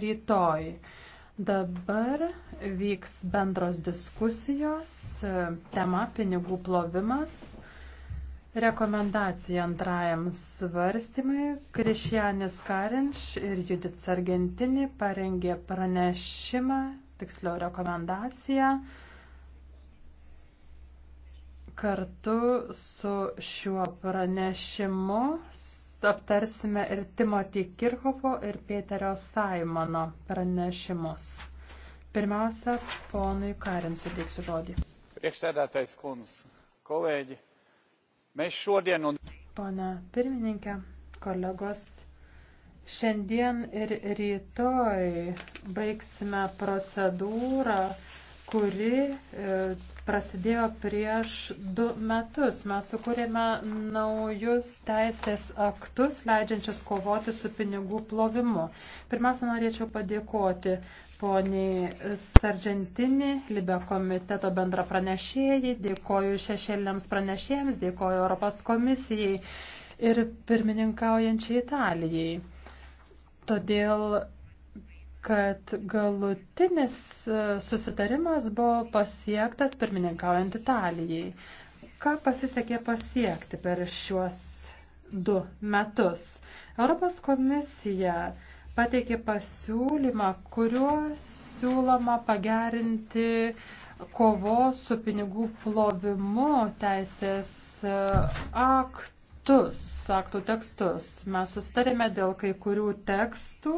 rytoj. Dabar vyks bendros diskusijos, tema pinigų plovimas, rekomendacija antrajam svarstymui. Krišianis Karinč ir Judith Sargentini parengė pranešimą, tiksliau rekomendaciją kartu su šiuo pranešimu aptarsime ir Timotį Kirchhoffo ir Pėterio Saimono pranešimus. Pirmiausia, ponui Karin suteiksiu žodį. Priekšsėdėtais kuns, kolegi, mes šiandien... Pane pirmininkė, kolegos, šiandien ir rytoj baigsime procedūrą, kuri e, prasidėjo prieš du metus. Mes sukūrėme naujus teisės aktus, leidžiančius kovoti su pinigų plovimu. Pirmiausia, norėčiau padėkoti poniai Sargentini, Libe komiteto bendra pranešėjai, dėkoju šešėliniams pranešėjams, dėkoju Europos komisijai ir pirmininkaujančiai Italijai. Todėl kad galutinis e, susitarimas buvo pasiektas pirmininkaujant Italijai. Ką pasisekė pasiekti per šiuos du metus? Europos komisija pateikė pasiūlymą, kuriuo siūloma pagerinti kovos su pinigų plovimu teisės e, aktus, aktų tekstus. Mes sustarėme dėl kai kurių tekstų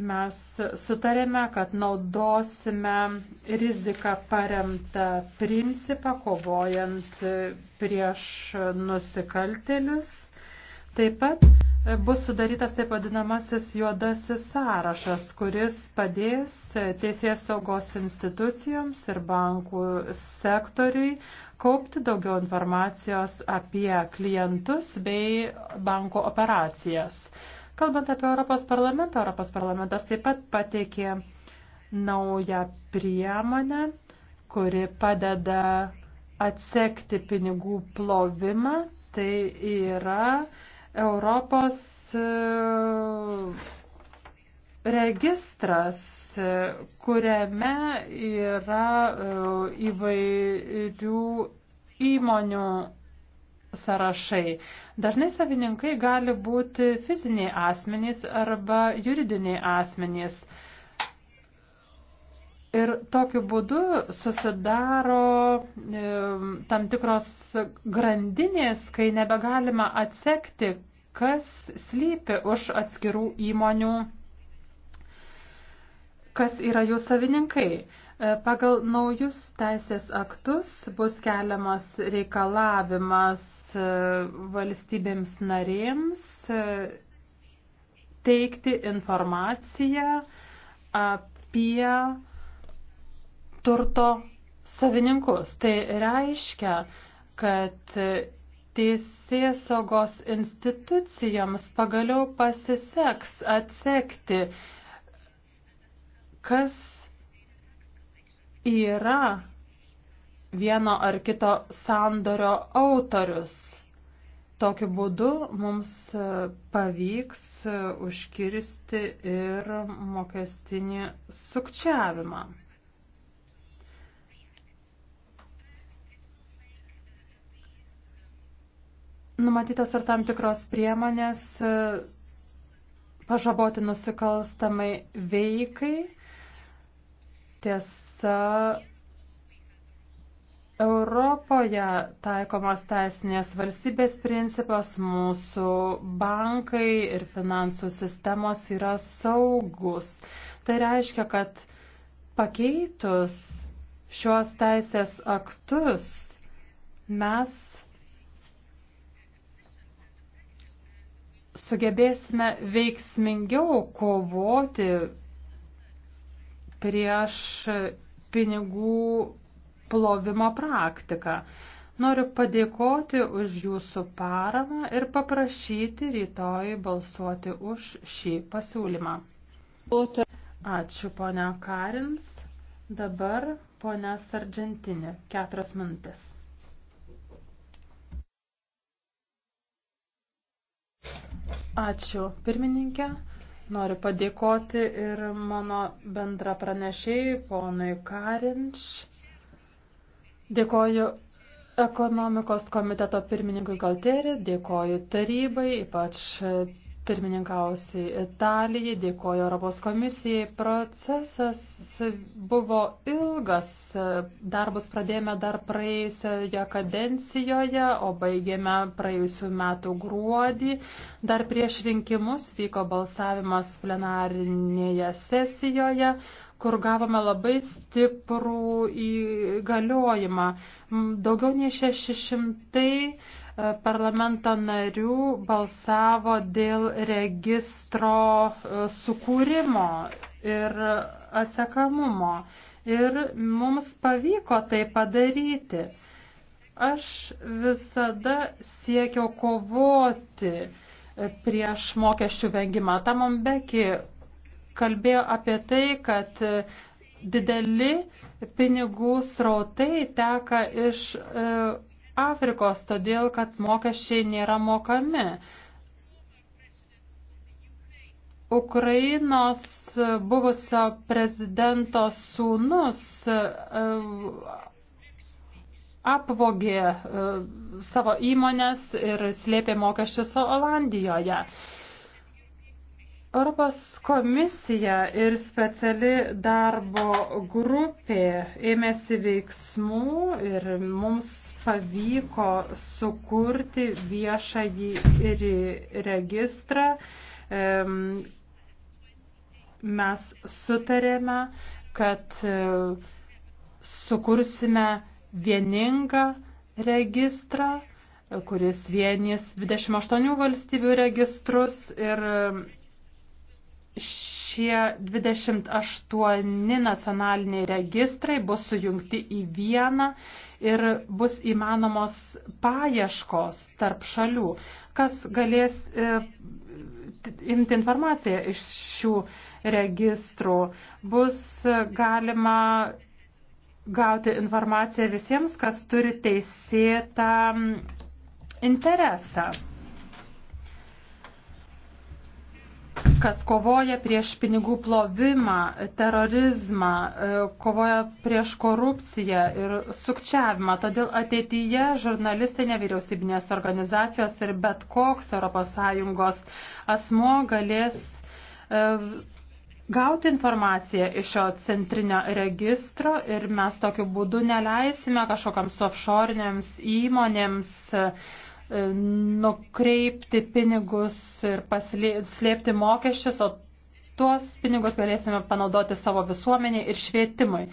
mes sutarėme, kad naudosime riziką paremtą principą, kovojant prieš nusikaltelius. Taip pat bus sudarytas taip vadinamasis juodasis sąrašas, kuris padės teisės saugos institucijoms ir bankų sektoriui kaupti daugiau informacijos apie klientus bei banko operacijas. Kalbant apie Europos parlamentą, Europos parlamentas taip pat pateikė naują priemonę, kuri padeda atsekti pinigų plovimą. Tai yra Europos e, registras, e, kuriame yra e, įvairių įmonių sąrašai. Dažnai savininkai gali būti fiziniai asmenys arba juridiniai asmenys. Ir tokiu būdu susidaro e, tam tikros grandinės, kai nebegalima atsekti, kas slypi už atskirų įmonių, kas yra jų savininkai. Pagal naujus teisės aktus bus keliamas reikalavimas e, valstybėms narėms e, teikti informaciją apie turto savininkus. Tai reiškia, kad teisės saugos institucijoms pagaliau pasiseks atsekti, kas yra vieno ar kito sandorio autorius. Tokiu būdu mums e, pavyks e, užkirsti ir mokestinį sukčiavimą. Numatytas ir tam tikros priemonės e, pažaboti nusikalstamai veikai Tiesa, Europoje taikomos teisinės valstybės principas, mūsų bankai ir finansų sistemos yra saugus. Tai reiškia, kad pakeitus šios teisės aktus mes sugebėsime veiksmingiau kovoti prieš pinigų plovimo praktiką. Noriu padėkoti už jūsų paramą ir paprašyti rytoj balsuoti už šį pasiūlymą. Ačiū, ponia Karins. Dabar ponia Sargentinė. Keturios minutės. Ačiū, pirmininkė. Noriu padėkoti ir mano bendra pranešėjai, ponui Karinč. Dėkoju ekonomikos komiteto pirmininkui Galterį, dėkoju tarybai, ypač pirmininkausiai Italijai, dėkoju Europos komisijai. Procesas buvo ilgas, darbus pradėjome dar praėjusioje kadencijoje, o baigėme praėjusių metų gruodį. Dar prieš rinkimus vyko balsavimas plenarinėje sesijoje kur gavome labai stiprų įgaliojimą. Daugiau nei 600 parlamento narių balsavo dėl registro e, sukūrimo ir atsekamumo. Ir mums pavyko tai padaryti. Aš visada siekiau kovoti e, prieš mokesčių vengimą. Tamom Beki kalbėjo apie tai, kad e, dideli pinigų srautai teka iš Afrikos, todėl kad mokesčiai nėra mokami. Ukrainos buvusio prezidento sūnus e, apvogė e, savo įmonės ir slėpė mokesčius Olandijoje. Europos komisija ir speciali darbo grupė ėmėsi veiksmų ir mums pavyko sukurti viešąjį registrą. Mes sutarėme, kad e, sukursime vieningą registrą, kuris vienys 28 valstybių registrus ir šie 28 nacionaliniai registrai bus sujungti į vieną ir bus įmanomos paieškos tarp šalių, kas galės e, imti informaciją iš šių registrų. Bus galima gauti informaciją visiems, kas turi teisėtą interesą. kas kovoja prieš pinigų plovimą, terorizmą, e, kovoja prieš korupciją ir sukčiavimą. Todėl ateityje žurnalistai, nevyriausybinės organizacijos ir bet koks ES asmo galės e, gauti informaciją iš šio centrinio registro ir mes tokiu būdu neleisime kažkokiams offshore'iniams įmonėms nukreipti pinigus ir paslėpti mokesčius, o tuos pinigus galėsime panaudoti savo visuomenėje ir švietimui.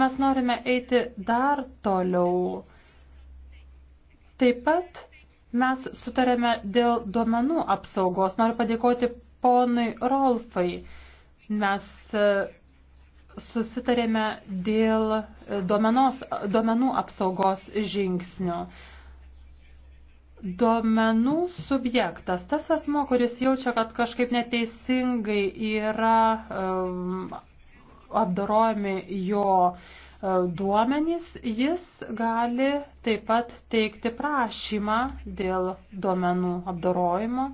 Mes norime eiti dar toliau. Taip pat mes sutarėme dėl duomenų apsaugos. Noriu padėkoti ponui Rolfai. Mes e, susitarėme dėl e, duomenos, duomenų apsaugos žingsnių duomenų subjektas, tas asmo, kuris jaučia, kad kažkaip neteisingai yra um, apdarojami jo uh, duomenys, jis gali taip pat teikti prašymą dėl duomenų apdarojimo.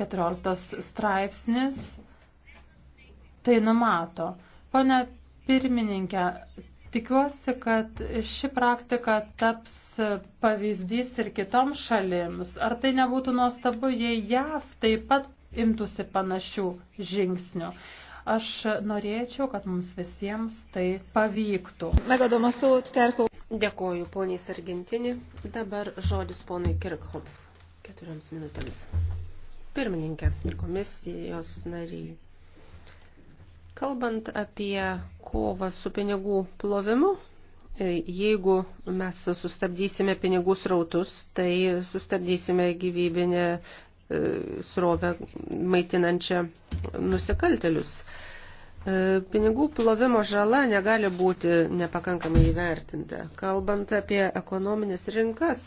14 straipsnis tai numato. Pone pirmininkė, Tikiuosi, kad ši praktika taps pavyzdys ir kitoms šalims. Ar tai nebūtų nuostabu, jei JAV taip pat imtųsi panašių žingsnių? Aš norėčiau, kad mums visiems tai pavyktų. Dėkoju poniai Sargentinį. Dabar žodis ponui Kirkhoff. Keturiams minutėms. Pirmininkė ir komisijos nariai. Kalbant apie kovą su pinigų plovimu, e, jeigu mes sustabdysime pinigų srautus, tai sustabdysime gyvybinę e, srovę maitinančią nusikaltelius. E, pinigų plovimo žala negali būti nepakankamai įvertinta. Kalbant apie ekonominės rinkas,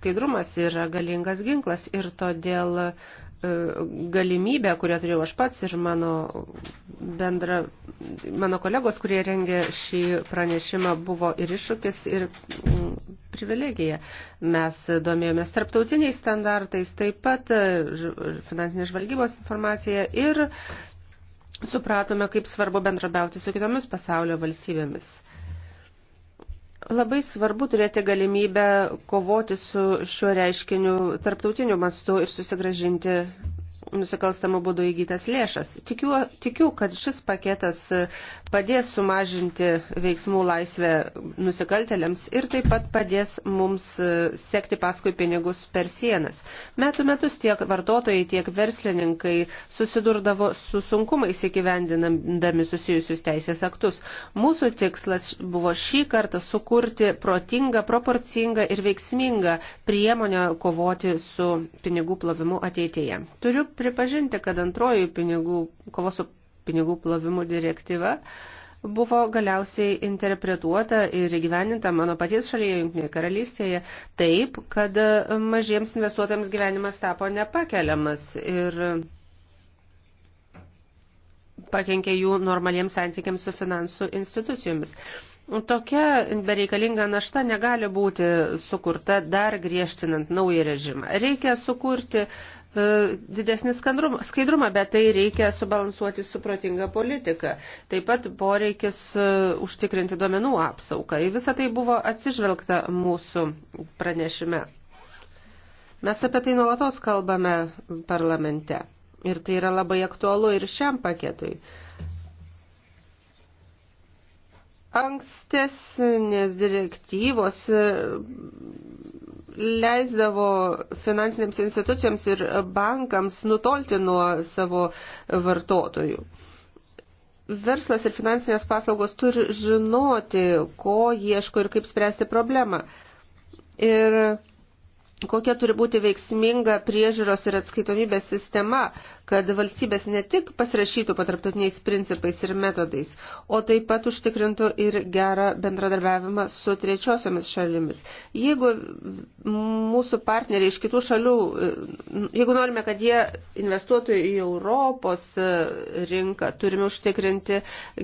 skaidrumas yra galingas ginklas ir todėl E, galimybę, kurią turėjau aš pats ir mano, bendra, mano kolegos, kurie rengė šį pranešimą, buvo ir iššūkis, ir mm, privilegija. Mes domėjomės tarptautiniais standartais, taip pat e, finansinės žvalgybos informacija ir supratome, kaip svarbu bendrabiauti su kitomis pasaulio valstybėmis. Labai svarbu turėti galimybę kovoti su šiuo reiškiniu tarptautiniu mastu ir susigražinti nusikalstamų būdų įgytas lėšas. Tikiu, tikiu, kad šis paketas padės sumažinti veiksmų laisvę nusikaltelėms ir taip pat padės mums sekti paskui pinigus per sienas. Metų metus tiek vartotojai, tiek verslininkai susidurdavo su sunkumais įgyvendinami susijusius teisės aktus. Mūsų tikslas buvo šį kartą sukurti protingą, proporcingą ir veiksmingą priemonę kovoti su pinigų plovimu ateityje. Turiu pripažinti, kad antroji pinigų, kovos su pinigų plovimu direktyva buvo galiausiai interpretuota ir įgyveninta mano paties šalyje, Junktinėje karalystėje, taip, kad mažiems investuotojams gyvenimas tapo nepakeliamas ir pakenkė jų normaliems santykiams su finansų institucijomis. Tokia bereikalinga našta negali būti sukurta dar griežtinant naują režimą. Reikia sukurti E, didesnį skaidrumą, bet tai reikia subalansuoti su protinga politika. Taip pat poreikis e, užtikrinti duomenų apsaugą. Į visą tai buvo atsižvelgta mūsų pranešime. Mes apie tai nuolatos kalbame parlamente. Ir tai yra labai aktualu ir šiam paketui. Ankstesnės direktyvos leisdavo finansinėms institucijoms ir bankams nutolti nuo savo vartotojų. Verslas ir finansinės paslaugos turi žinoti, ko ieško ir kaip spręsti problemą. Ir kokia turi būti veiksminga priežiūros ir atskaitomybės sistema, kad valstybės ne tik pasirašytų patarptautiniais principais ir metodais, o taip pat užtikrintų ir gerą bendradarbiavimą su trečiosiomis šalimis. Jeigu mūsų partneriai iš kitų šalių, jeigu norime, kad jie investuotų į Europos rinką, turime užtikrinti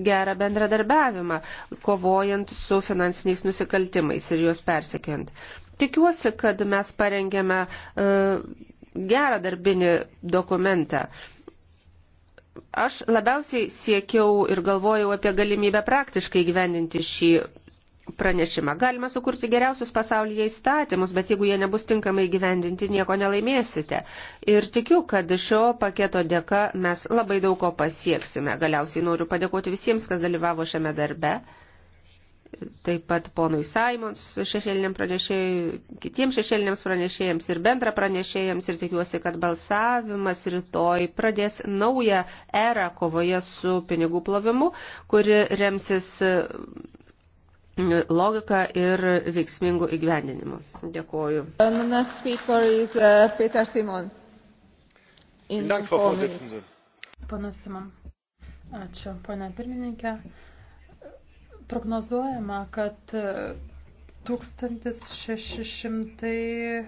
gerą bendradarbiavimą, kovojant su finansiniais nusikaltimais ir juos persekiant. Tikiuosi, kad mes parengėme e, gerą darbinį dokumentą. Aš labiausiai siekiau ir galvojau apie galimybę praktiškai gyvendinti šį pranešimą. Galima sukurti geriausius pasaulyje įstatymus, bet jeigu jie nebus tinkamai gyvendinti, nieko nelaimėsite. Ir tikiu, kad šio paketo dėka mes labai daug ko pasieksime. Galiausiai noriu padėkoti visiems, kas dalyvavo šiame darbe taip pat ponui Simons šešėliniam pranešėjui, kitiems šešėliniams pranešėjams ir bendra pranešėjams ir tikiuosi, kad balsavimas rytoj pradės naują erą kovoje su pinigų plovimu, kuri remsis mm, logika ir veiksmingų įgyvendinimu. Dėkuoju. Um, Panas uh, Simon. Ačiū, ponia pirmininkė. Prognozuojama, kad 1600 e, e,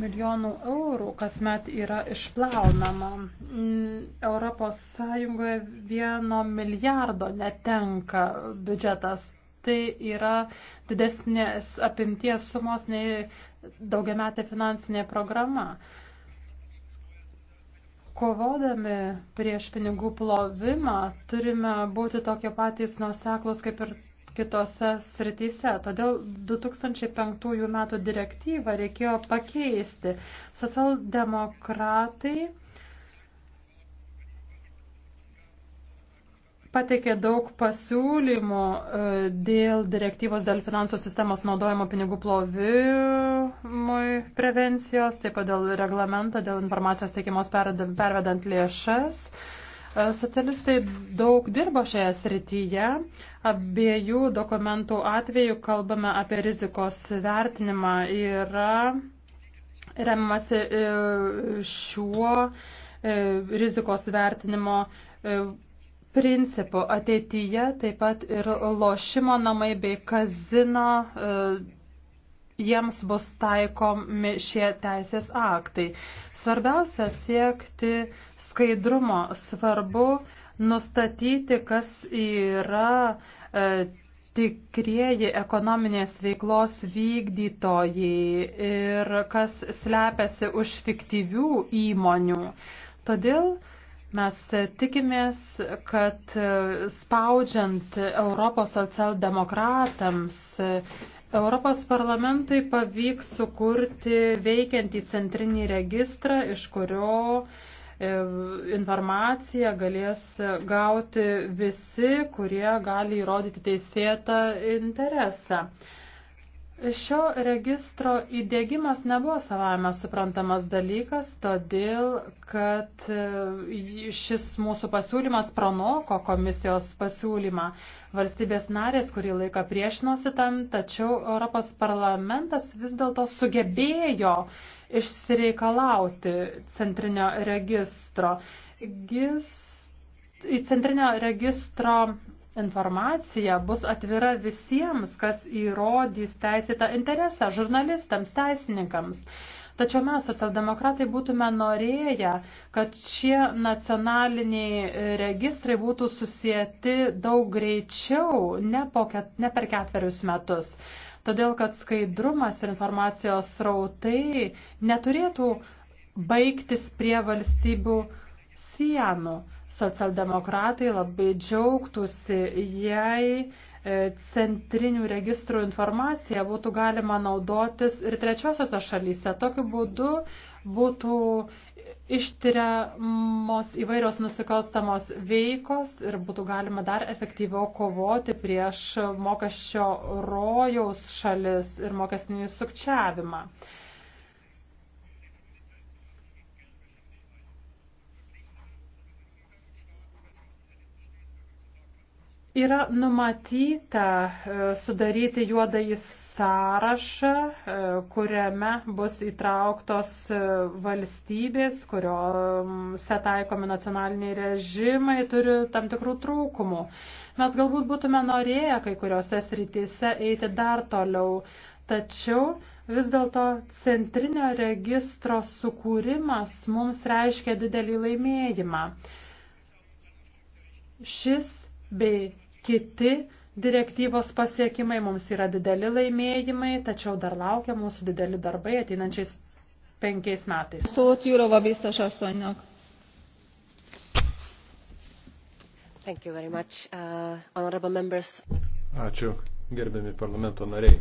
milijonų eurų kasmet yra išplaunama. Europos Sąjungoje vieno milijardo netenka biudžetas. Tai yra didesnės apimties sumos nei daugiametė finansinė programa. Uh, kovodami prieš pinigų plovimą turime būti tokie patys nuoseklus kaip ir kitose srityse. Todėl 2005 metų direktyvą reikėjo pakeisti. Socialdemokratai pateikė daug pasiūlymų e, dėl direktyvos dėl finansų sistemos naudojimo pinigų plovimui prevencijos, taip pat dėl reglamento, dėl informacijos teikimos pervedant lėšas. E, socialistai daug dirbo šioje srityje. Abiejų dokumentų atveju kalbame apie rizikos vertinimą. Yra remiamasi e, šiuo rizikos vertinimo principu ateityje taip pat ir lošimo namai bei kazino e, jiems bus taikomi šie teisės aktai. Svarbiausia siekti skaidrumo, svarbu nustatyti, kas yra e, tikrieji ekonominės veiklos vykdytojai ir kas slepiasi už fiktyvių įmonių. Todėl Mes tikimės, kad spaudžiant Europos socialdemokratams, Europos parlamentui pavyks sukurti veikiantį centrinį registrą, iš kurio e, informaciją galės gauti visi, kurie gali įrodyti teisėtą interesą. Šio registro įdėgymas nebuvo savame suprantamas dalykas, todėl kad e, šis mūsų pasiūlymas pranoko komisijos pasiūlymą. Valstybės narės kurį laiką priešinosi tam, tačiau Europos parlamentas vis dėlto sugebėjo išsireikalauti centrinio registro. Gis, į centrinio registro informacija bus atvira visiems, kas įrodys teisėtą interesą - žurnalistams, teisininkams. Tačiau mes, socialdemokratai, būtume norėję, kad šie nacionaliniai registrai būtų susijęti daug greičiau, ne, po, ne per ketverius metus. Todėl, kad skaidrumas ir informacijos srautai neturėtų baigtis prie valstybių sienų. Socialdemokratai labai džiaugtųsi, jei e, centrinių registrų informaciją būtų galima naudotis ir trečiosiose šalyse. Tokiu būdu būtų ištiriamos įvairios nusikalstamos veikos ir būtų galima dar efektyviau kovoti prieš mokesčio rojaus šalis ir mokestinį sukčiavimą. Yra numatyta e, sudaryti juodąjį sąrašą, e, kuriame bus įtrauktos e, valstybės, kuriuose taikomi nacionaliniai režimai, turi tam tikrų trūkumų. Mes galbūt būtume norėję kai kuriuose srityse eiti dar toliau, tačiau vis dėlto centrinio registro sukūrimas mums reiškia didelį laimėjimą. Šis bei kiti direktyvos pasiekimai, mums yra dideli laimėjimai, tačiau dar laukia mūsų dideli darbai ateinančiais penkiais metais. Szót Jurova biztos asszonynak. Thank you very much, uh, honorable members. Ačiū, gerbiami parlamento nariai.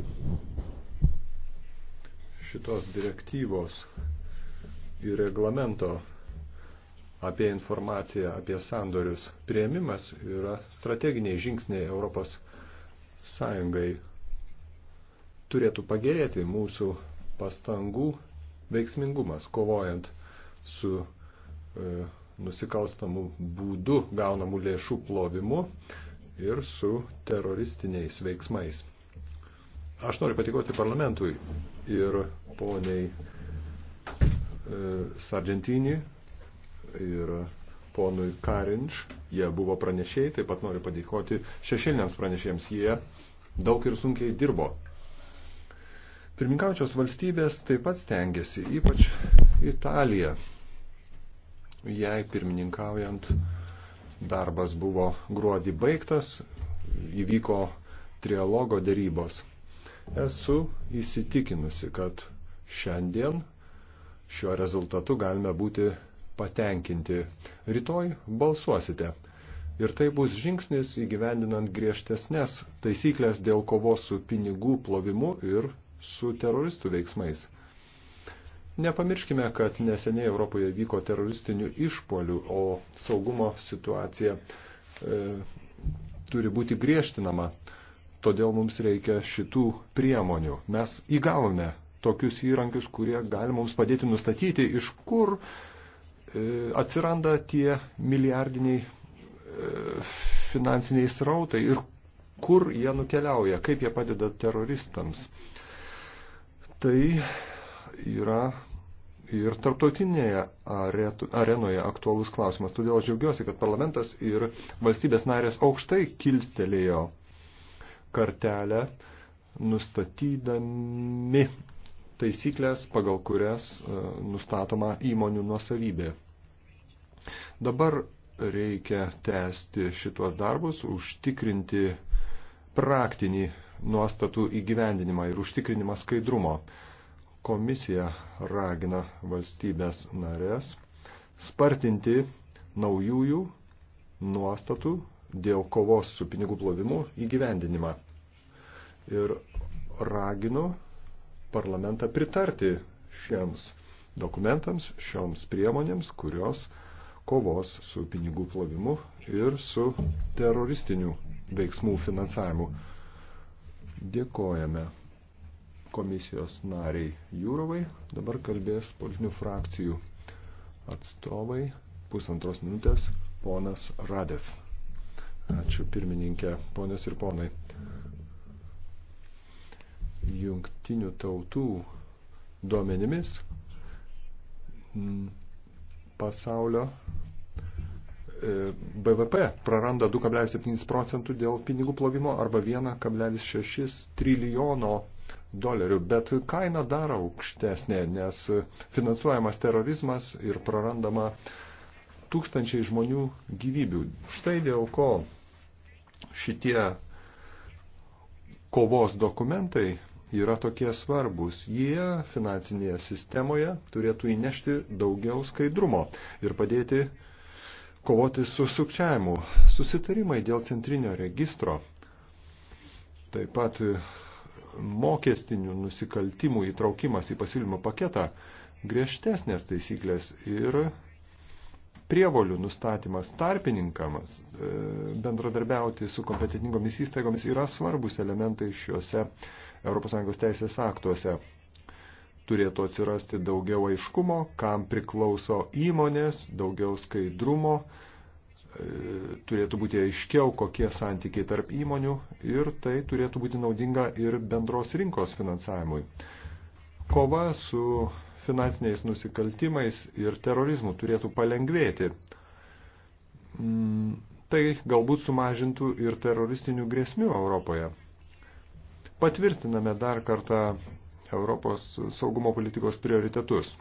Šitos direktyvos ir reglamento apie informaciją, apie sandorius. Prieimimas yra strateginiai žingsniai Europos Sąjungai. Turėtų pagerėti mūsų pastangų veiksmingumas, kovojant su e, nusikalstamų būdų gaunamų lėšų plovimu ir su teroristiniais veiksmais. Aš noriu patikoti parlamentui ir poniai e, Sargentinį ir ponui Karinč. Jie buvo pranešėjai, taip pat noriu padėkoti šešėliniams pranešėjams. Jie daug ir sunkiai dirbo. Pirminkaučios valstybės taip pat stengiasi, ypač Italija. Jei pirmininkaujant darbas buvo gruodį baigtas, įvyko trialogo dėrybos. Esu įsitikinusi, kad šiandien šiuo rezultatu galime būti patenkinti. Rytoj balsuosite. Ir tai bus žingsnis įgyvendinant griežtesnės taisyklės dėl kovos su pinigų plovimu ir su teroristų veiksmais. Nepamirškime, kad neseniai Europoje vyko teroristinių išpolių, o saugumo situacija e, turi būti griežtinama. Todėl mums reikia šitų priemonių. Mes įgavome tokius įrankius, kurie gali mums padėti nustatyti, iš kur e, E, atsiranda tie milijardiniai e, finansiniai srautai ir kur jie nukeliauja, kaip jie padeda teroristams. Tai yra ir tarptautinėje arenoje aktualus klausimas. Todėl aš džiaugiuosi, kad parlamentas ir valstybės narės aukštai kilstelėjo kartelę, nustatydami taisyklės, pagal kurias e, nustatoma įmonių nuosavybė. Dabar reikia tęsti šitos darbus, užtikrinti praktinį nuostatų įgyvendinimą ir užtikrinimą skaidrumo. Komisija ragina valstybės narės spartinti naujųjų nuostatų dėl kovos su pinigų plovimu įgyvendinimą. Ir raginu parlamentą pritarti šiems dokumentams, šioms priemonėms, kurios kovos su pinigų plovimu ir su teroristiniu veiksmų finansavimu. Dėkojame komisijos nariai Jūrovai. Dabar kalbės politinių frakcijų atstovai pusantros minutės ponas Radev. Ačiū pirmininkė, ponios ir ponai jungtinių tautų duomenimis pasaulio e, BVP praranda 2,7 procentų dėl pinigų plovimo arba 1,6 trilijono dolerių, bet kaina dar aukštesnė, nes finansuojamas terorizmas ir prarandama tūkstančiai žmonių gyvybių. Štai dėl ko šitie kovos dokumentai yra tokie svarbus. Jie finansinėje sistemoje turėtų įnešti daugiau skaidrumo ir padėti kovoti su sukčiavimu. Susitarimai dėl centrinio registro, taip pat mokestinių nusikaltimų įtraukimas į pasiūlymo paketą, griežtesnės taisyklės ir prievolių nustatymas tarpininkams e, bendradarbiauti su kompetitingomis įstaigomis yra svarbus elementai šiuose ES teisės aktuose. Turėtų atsirasti daugiau aiškumo, kam priklauso įmonės, daugiau skaidrumo, e, turėtų būti aiškiau, kokie santykiai tarp įmonių ir tai turėtų būti naudinga ir bendros rinkos finansavimui. Kova su finansiniais nusikaltimais ir terorizmu turėtų palengvėti. Mm, tai galbūt sumažintų ir teroristinių grėsmių Europoje patvirtiname dar kartą Europos saugumo politikos prioritetus.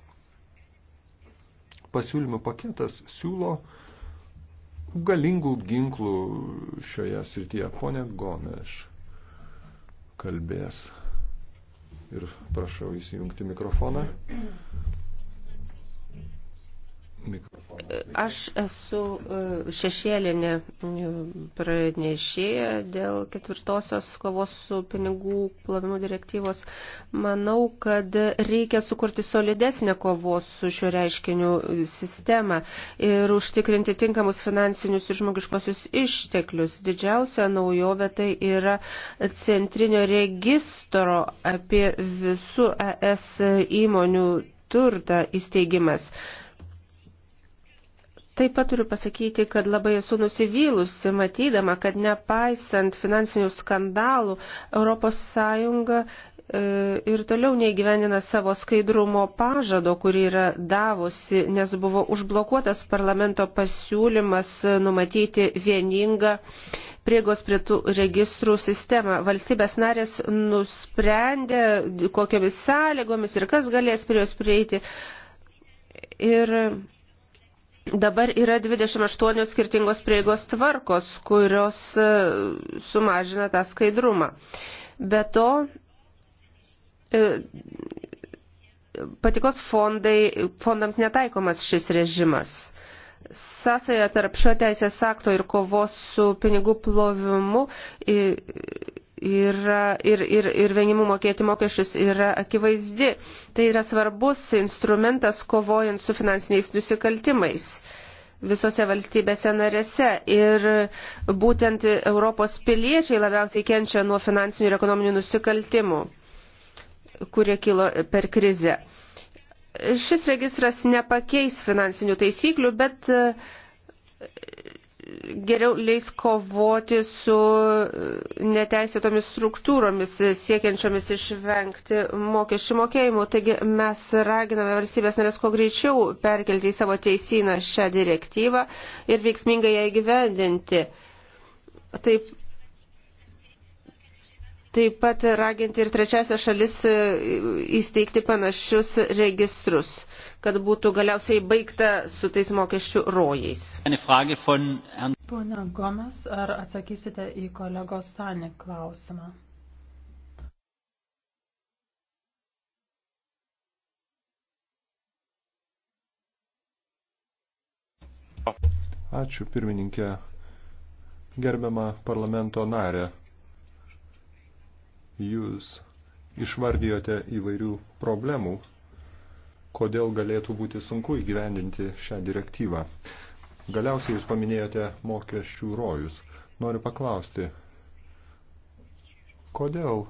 Pasiūlymų paketas siūlo galingų ginklų šioje srityje. Pone Gomeš kalbės. Ir prašau įsijungti mikrofoną. Aš esu e, šešėlinė e, pranešėja dėl ketvirtosios kovos su pinigų plovimu direktyvos. Manau, kad reikia sukurti solidesnę kovos su šiuo reiškiniu sistemą ir užtikrinti tinkamus finansinius ir žmogiškosius išteklius. Didžiausia naujovė tai yra centrinio registro apie visų ES įmonių turtą įsteigimas. Taip pat turiu pasakyti, kad labai esu nusivylusi, matydama, kad nepaisant finansinių skandalų, ES e, ir toliau neįgyvenina savo skaidrumo pažado, kurį yra davusi, nes buvo užblokuotas parlamento pasiūlymas numatyti vieningą priegos prie tų registrų sistemą. Valstybės narės nusprendė, kokiomis sąlygomis ir kas galės prie jos prieiti. Ir Dabar yra 28 skirtingos prieigos tvarkos, kurios e, sumažina tą skaidrumą. Be to, e, patikos fondai, fondams netaikomas šis režimas. Sąsaja tarp šio teisės akto ir kovos su pinigų plovimu yra, ir, ir, ir vengimų mokėti mokesčius yra akivaizdi. Tai yra svarbus instrumentas kovojant su finansiniais nusikaltimais visose valstybėse narėse. Ir būtent Europos piliečiai labiausiai kenčia nuo finansinių ir ekonominių nusikaltimų, kurie kilo per krizę. Šis registras nepakeis finansinių taisyklių, bet geriau leis kovoti su neteisėtomis struktūromis siekiančiomis išvengti mokesčių mokėjimų. Taigi mes raginame valstybės narės kuo greičiau perkelti į savo teisyną šią direktyvą ir veiksmingai ją įgyvendinti. Taip Taip pat raginti ir trečiasią šalis e, įsteigti panašius registrus, kad būtų galiausiai baigta su tais mokesčių rojais. Pone Gomes, ar atsakysite į kolegos Sanį klausimą? Ačiū pirmininkė, gerbiama parlamento narė. Jūs išvardijote įvairių problemų, kodėl galėtų būti sunku įgyvendinti šią direktyvą. Galiausiai jūs paminėjote mokesčių rojus. Noriu paklausti, kodėl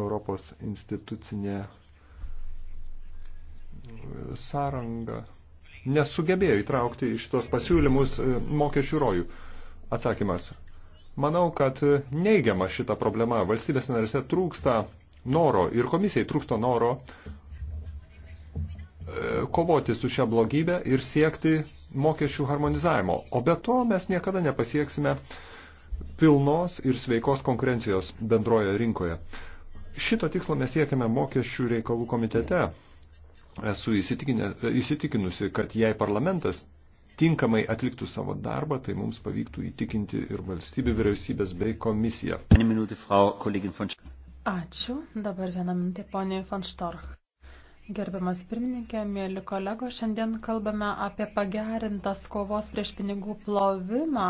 Europos institucinė sąranga nesugebėjo įtraukti iš tos pasiūlymus mokesčių rojų. Atsakymas Manau, kad e, neigiama šita problema. Valstybės narėse trūksta noro ir komisijai trūksta noro e, kovoti su šia blogybė ir siekti mokesčių harmonizavimo. O be to mes niekada nepasieksime pilnos ir sveikos konkurencijos bendroje rinkoje. Šito tikslo mes siekiame mokesčių reikalų komitete. Esu įsitikinusi, kad jei parlamentas tinkamai atliktų savo darbą, tai mums pavyktų įtikinti ir valstybių vyriausybės bei komisiją. Ačiū. Dabar vieną minutę, ponė Fanštorch. Gerbiamas pirmininkė, mėly kolego, šiandien kalbame apie pagerintas kovos prieš pinigų plovimą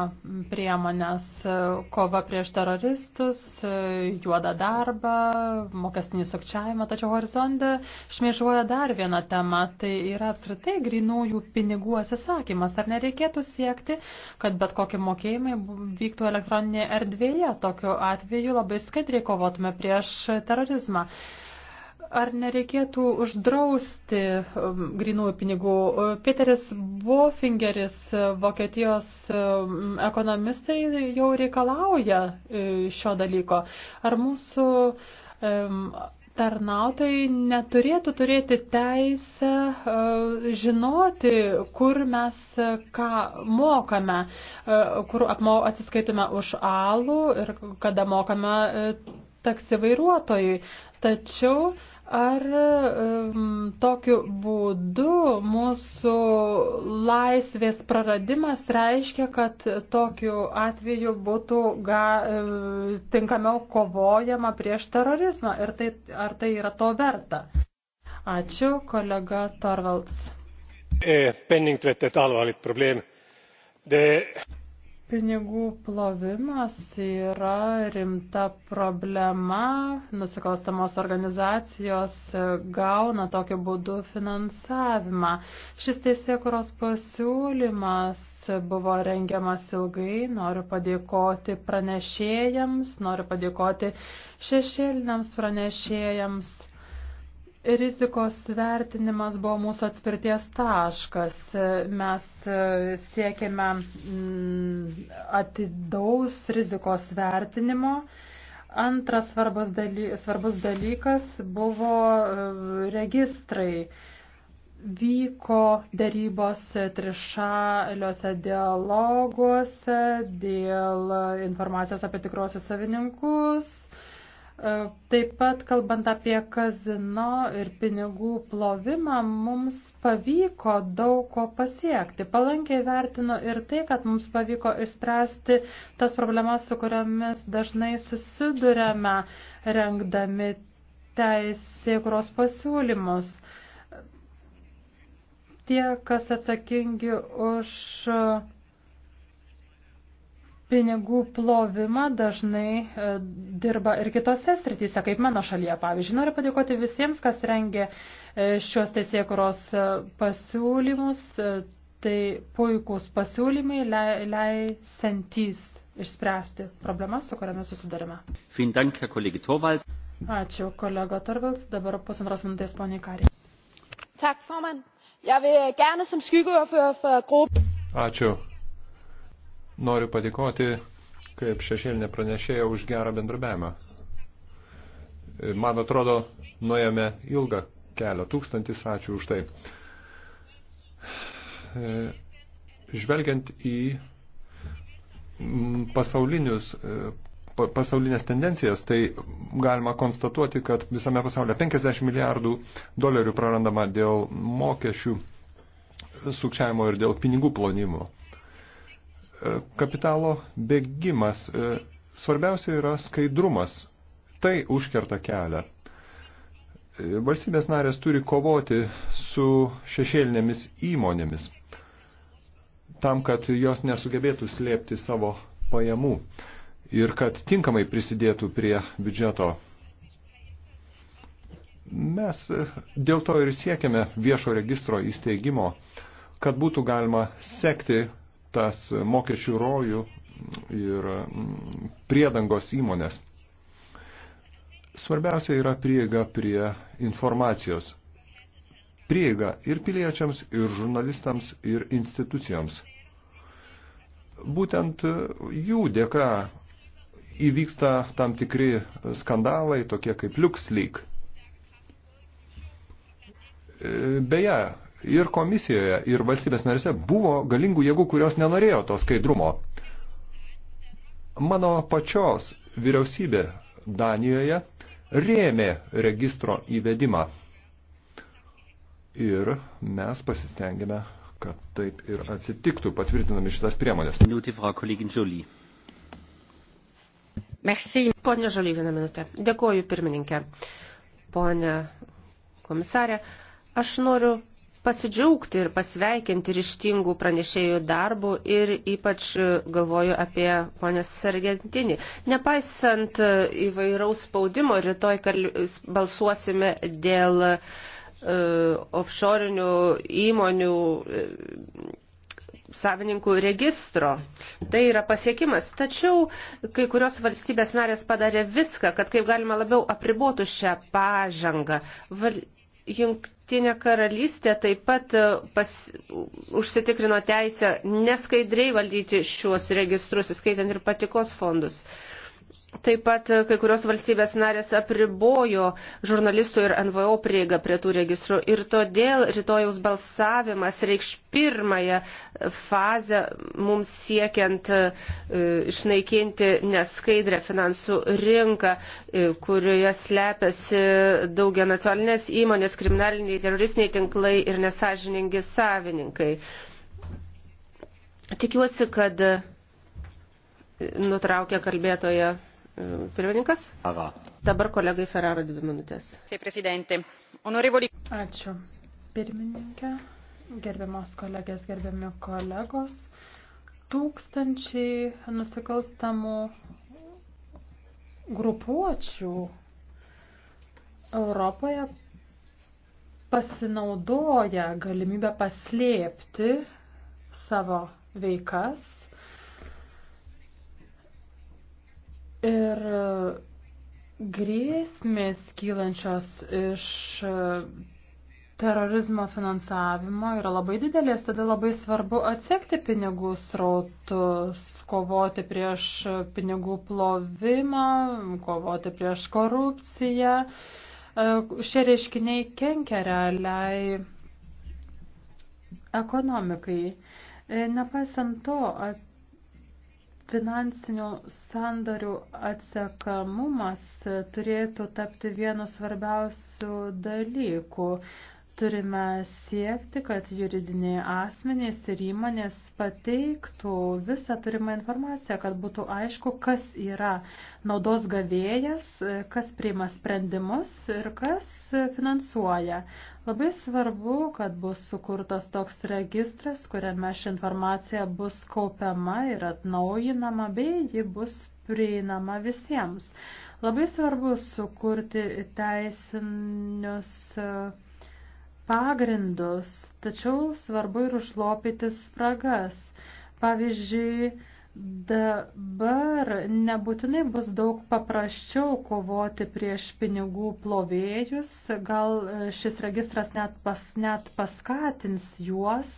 priemonės, kova prieš teroristus, juodą darbą, mokestinį sukčiavimą, tačiau horizonte šmėžuoja dar viena tema, tai yra apskritai grinųjų pinigų atsisakymas. Ar nereikėtų siekti, kad bet kokie mokėjimai vyktų elektroninėje erdvėje, tokiu atveju labai skaidriai kovotume prieš terorizmą. Ar nereikėtų uždrausti um, grinųjų pinigų? Peteris Bofingeris, Vokietijos um, ekonomistai jau reikalauja e, šio dalyko. Ar mūsų um, tarnautojai neturėtų turėti teisę e, žinoti, kur mes e, ką mokame, kur atsiskaitome už alų ir kada mokame taksi vairuotojui. Tačiau Ar um, tokiu būdu mūsų laisvės praradimas reiškia, kad tokiu atveju būtų ga, e, tinkamiau kovojama prieš terorizmą? Ir tai, ar tai yra to verta? Ačiū, kolega Torvalds. E, Penning tvettet alvarligt problem. Det... Pinigų plovimas yra rimta problema. Nusikalstamos organizacijos gauna tokiu būdu finansavimą. Šis teisėkuros pasiūlymas buvo rengiamas ilgai. Noriu padėkoti pranešėjams, noriu padėkoti šešėliniams pranešėjams. Rizikos vertinimas buvo mūsų atspirties taškas. Mes siekėme mm, atidaus rizikos vertinimo. Antras svarbus, daly, svarbus dalykas buvo e, registrai. Vyko darybos trišaliuose dialoguose dėl informacijos apie tikruosius savininkus E, taip pat, kalbant apie kazino ir pinigų plovimą, mums pavyko daug ko pasiekti. Palankiai vertinu ir tai, kad mums pavyko išspręsti tas problemas, su kuriamis dažnai susidurėme, rengdami teisėkuros pasiūlymus. Tie, kas atsakingi už pinigų plovimą dažnai e, dirba ir kitose srityse, kaip mano šalyje. Pavyzdžiui, noriu padėkoti visiems, kas rengė e, šios teisėkuros e, pasiūlymus. Tai puikūs pasiūlymai leisantys išspręsti problemas, su kuriamis susidarime. Ačiū, kolega Torvalds. Dabar pusantros minutės, poniai Kari. Tak, formand. Jeg vil gerne som skyggeordfører for gruppen. Ačiū, Noriu padėkoti kaip šešėlinė pranešėja už gerą bendrabiavimą. Man atrodo, nuėjome ilgą kelią. Tūkstantis ačiū už tai. Žvelgiant į mm, pasaulinius, pasaulinės tendencijas, tai galima konstatuoti, kad visame pasaulyje 50 milijardų dolerių prarandama dėl mokesčių sukčiavimo ir dėl pinigų plonimo kapitalo bėgimas. E, svarbiausia yra skaidrumas. Tai užkerta kelią. E, valstybės narės turi kovoti su šešėlinėmis įmonėmis, tam, kad jos nesugebėtų slėpti savo pajamų ir kad tinkamai prisidėtų prie biudžeto. Mes e, dėl to ir siekiame viešo registro įsteigimo, kad būtų galima sekti tas mokesčių rojų ir mm, priedangos įmonės. Svarbiausia yra prieiga prie informacijos. Prieiga ir piliečiams, ir žurnalistams, ir institucijoms. Būtent jų dėka įvyksta tam tikri skandalai, tokie kaip LuxLeak. Beje, ir komisijoje, ir valstybės narise buvo galingų jėgų, kurios nenorėjo to skaidrumo. Mano pačios vyriausybė Danijoje rėmė registro įvedimą. Ir mes pasistengėme, kad taip ir atsitiktų, patvirtinami šitas priemonės. Minutė, Frau Kollegin Jolie. Merci. Pone Žaly, vieną minutę. Dėkuoju pirmininkė. Pone komisarė, aš noriu pasidžiaugti ir pasveikinti ryštingų pranešėjų darbų ir ypač galvoju apie ponės Sargentinį. Nepaisant įvairaus spaudimo, rytoj balsuosime dėl uh, offshore'inių įmonių uh, savininkų registro. Tai yra pasiekimas. Tačiau kai kurios valstybės narės padarė viską, kad kaip galima labiau apribotų šią pažangą. Val Jungtinė karalystė taip pat e, pas, užsitikrino teisę neskaidriai valdyti šiuos registrus, įskaitant ir patikos fondus. Uh, Taip pat e, kai kurios valstybės narės apribojo žurnalistų ir NVO prieigą prie tų registrų ir todėl rytojaus balsavimas reikš pirmąją fazę mums siekiant e, išnaikinti neskaidrę finansų rinką, e, kurioje slepiasi daugia nacionalinės įmonės, kriminaliniai, teroristiniai tinklai ir nesažiningi savininkai. Tikiuosi, kad nutraukė kalbėtoje Pirmininkas. Dabar kolegai Ferraro dvi minutės. Ačiū. Pirmininkė, gerbiamas kolegės, gerbiami kolegos. Tūkstančiai nusikalstamų grupuočių Europoje pasinaudoja galimybę paslėpti savo veikas Ir grėsmės kylančios iš e, terorizmo finansavimo yra labai didelės, tada labai svarbu atsekti pinigų srautus, kovoti prieš pinigų plovimą, kovoti prieš korupciją. E, šie reiškiniai kenkia realiai ekonomikai. E, nepaisant to, at finansinių sandarių atsekamumas turėtų tapti vienu svarbiausių dalykų. Turime siekti, kad juridiniai asmenys ir įmonės pateiktų visą turimą informaciją, kad būtų aišku, kas yra naudos gavėjas, kas priima sprendimus ir kas finansuoja. Labai svarbu, kad bus sukurtas toks registras, kuriame ši informacija bus kaupiama ir atnaujinama, bei ji bus prieinama visiems. Labai svarbu sukurti teisinius e, pagrindus, tačiau svarbu ir užlopyti spragas. Pavyzdžiui, Dabar nebūtinai bus daug paprasčiau kovoti prieš pinigų plovėjus, gal e, šis registras net, pas, net paskatins juos.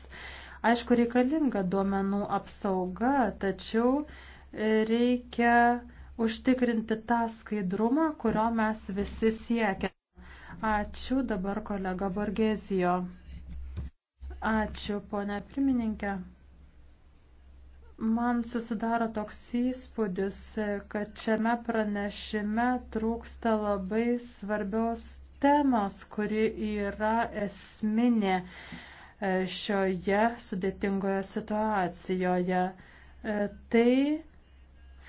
Aišku, reikalinga duomenų apsauga, tačiau e, reikia užtikrinti tą skaidrumą, kurio mes visi siekiame. Ačiū dabar kolega Borgezijo. Ačiū, ponia pirmininkė. Man susidaro toks įspūdis, kad šiame pranešime trūksta labai svarbios temos, kuri yra esminė e, šioje sudėtingoje situacijoje. E, tai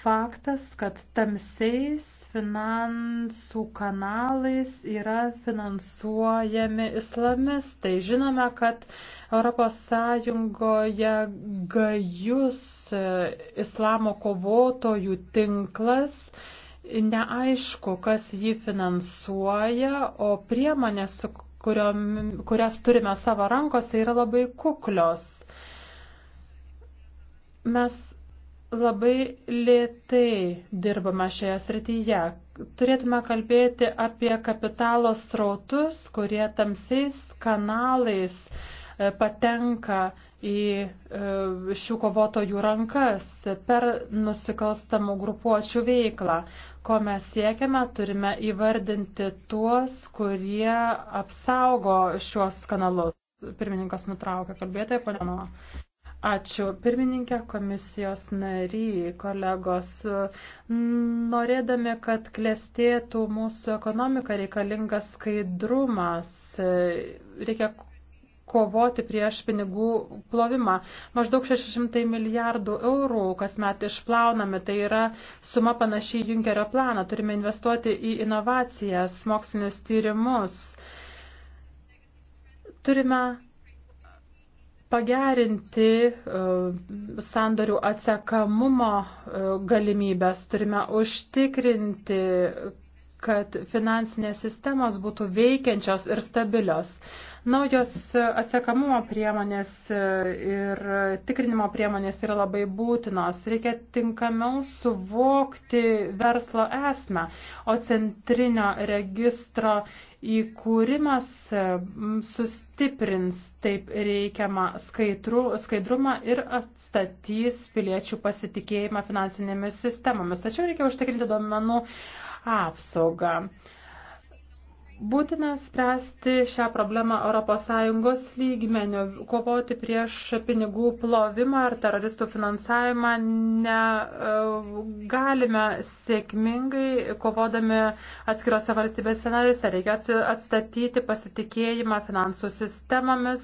faktas, kad tamsiais finansų kanalais yra finansuojami islamistai. Žinome, kad ES gajus e, islamo kovotojų tinklas neaišku, kas jį finansuoja, o priemonės, kuriom, kurias turime savo rankose, yra labai kuklios. Mes labai lėtai dirbama šioje srityje. Turėtume kalbėti apie kapitalo srautus, kurie tamsiais kanalais e, patenka į e, šių kovotojų rankas per nusikalstamų grupuočių veiklą. Ko mes siekiame, turime įvardinti tuos, kurie apsaugo šiuos kanalus. Pirmininkas nutraukė kalbėtoją, ponia Nova. Ačiū pirmininkė, komisijos nary, kolegos. Norėdami, kad klestėtų mūsų ekonomika, reikalingas skaidrumas. Reikia kovoti prieš pinigų plovimą. Maždaug 600 milijardų eurų kasmet išplauname. Tai yra suma panašiai Junkerio planą. Turime investuoti į inovacijas, mokslinius tyrimus. Turime pagerinti e, sandorių atsekamumą e, galimybės, turime užtikrinti, kad finansinės sistemos būtų veikiančios ir stabilios. Naujos atsekamumo priemonės ir tikrinimo priemonės yra labai būtinos. Reikia tinkamiau suvokti verslo esmę, o centrinio registro įkūrimas mm, sustiprins taip reikiamą skaidru, skaidrumą ir atstatys piliečių pasitikėjimą finansinėmis sistemomis. Tačiau reikia užtikrinti duomenų apsaugą. Būtina spręsti šią problemą ES lygmenių, kovoti prieš pinigų plovimą ar teroristų finansavimą negalime e, sėkmingai, kovodami atskirose valstybėse narėse. Reikia atstatyti pasitikėjimą finansų sistemomis,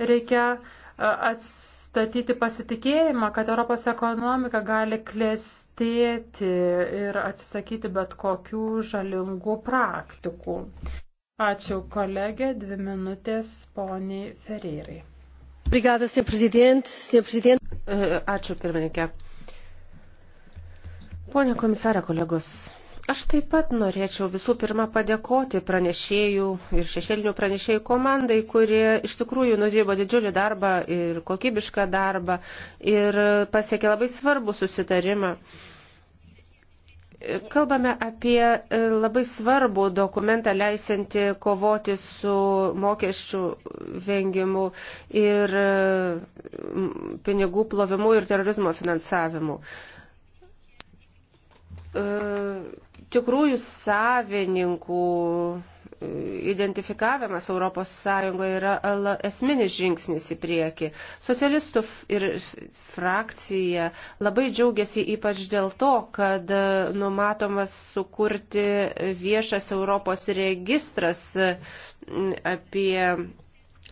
reikia e, atstatyti pasitikėjimą, kad Europos ekonomika gali klėsti klestėti ir atsisakyti bet kokių žalingų praktikų. Ačiū kolegė, dvi minutės poniai Ferreirai. Brigada, senhor presidente, senhor presidente. E, ačiū pirmininkė. Pone komisarė, kolegos, Aš taip pat norėčiau visų pirma padėkoti pranešėjų ir šešėlinių pranešėjų komandai, kurie iš tikrųjų nudirbo didžiulį darbą ir kokybišką darbą ir pasiekė labai svarbų susitarimą. Kalbame apie e, labai svarbų dokumentą leisinti kovoti su mokesčių vengimu ir e, pinigų plovimu ir terorizmo finansavimu. E, tikrųjų savininkų identifikavimas ES yra esminis žingsnis į priekį. Socialistų ir frakcija labai džiaugiasi ypač dėl to, kad e, numatomas sukurti viešas Europos registras apie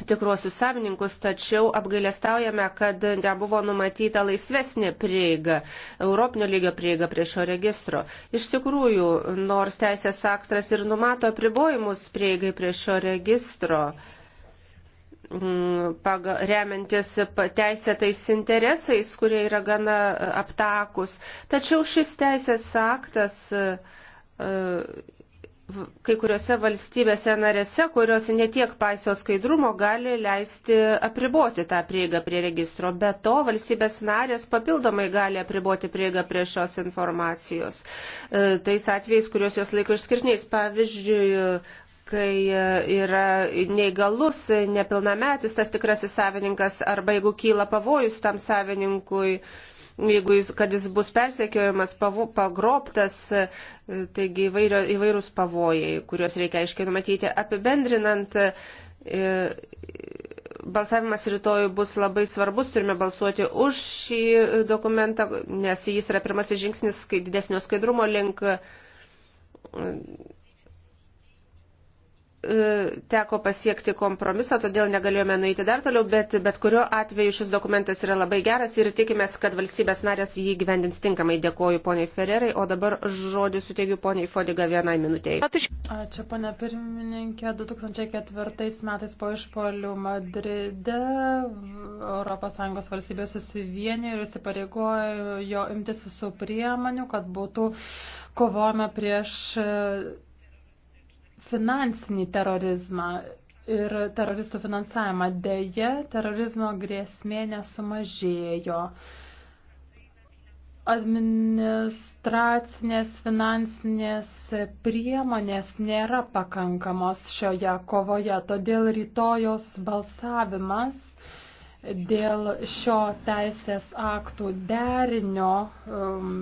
tikruosius savininkus, tačiau apgailestaujame, kad nebuvo numatyta laisvesnė prieiga, Europinio lygio prieiga prie šio registro. Iš tikrųjų, nors teisės aktas ir numato apribojimus prieigai prie šio registro, mm, remiantis teisėtais interesais, kurie yra gana e, aptakus. Tačiau šis teisės aktas e, kai kuriuose valstybėse narėse, kurios netiek paiso skaidrumo, gali leisti apriboti tą prieigą prie registro. Be to, valstybės narės papildomai gali apriboti prieigą prie šios informacijos. E, tais atvejais, kuriuos jos laiko išskirtiniais. Pavyzdžiui, kai e, yra neįgalus, nepilnametis tas tikrasis savininkas arba jeigu kyla pavojus tam savininkui jeigu jis, kad jis bus persekiojamas, pavo, pagroptas, e, taigi įvairio, įvairūs pavojai, kuriuos reikia aiškiai numatyti. Apibendrinant, e, balsavimas rytoj bus labai svarbus, turime balsuoti už šį dokumentą, nes jis yra pirmasis žingsnis didesnio skaidrumo link e, E, teko pasiekti kompromisą, todėl negalėjome nueiti dar toliau, bet bet kuriuo atveju šis dokumentas yra labai geras ir tikimės, kad valstybės narės jį gyvendins tinkamai. Dėkoju poniai Ferrerai, o dabar žodį suteikiu poniai Fodiga vienai minutėjai. Ačiū, ponia pirmininkė. 2004 metais po išpolių Madride ES valstybės susivienė ir įsipareigojo imtis visų priemonių, kad būtų kovojama prieš finansinį terorizmą ir teroristų finansavimą. Deja, terorizmo grėsmė nesumažėjo. Administracinės finansinės priemonės nėra pakankamos šioje kovoje, todėl rytojos balsavimas dėl šio teisės aktų derinio um,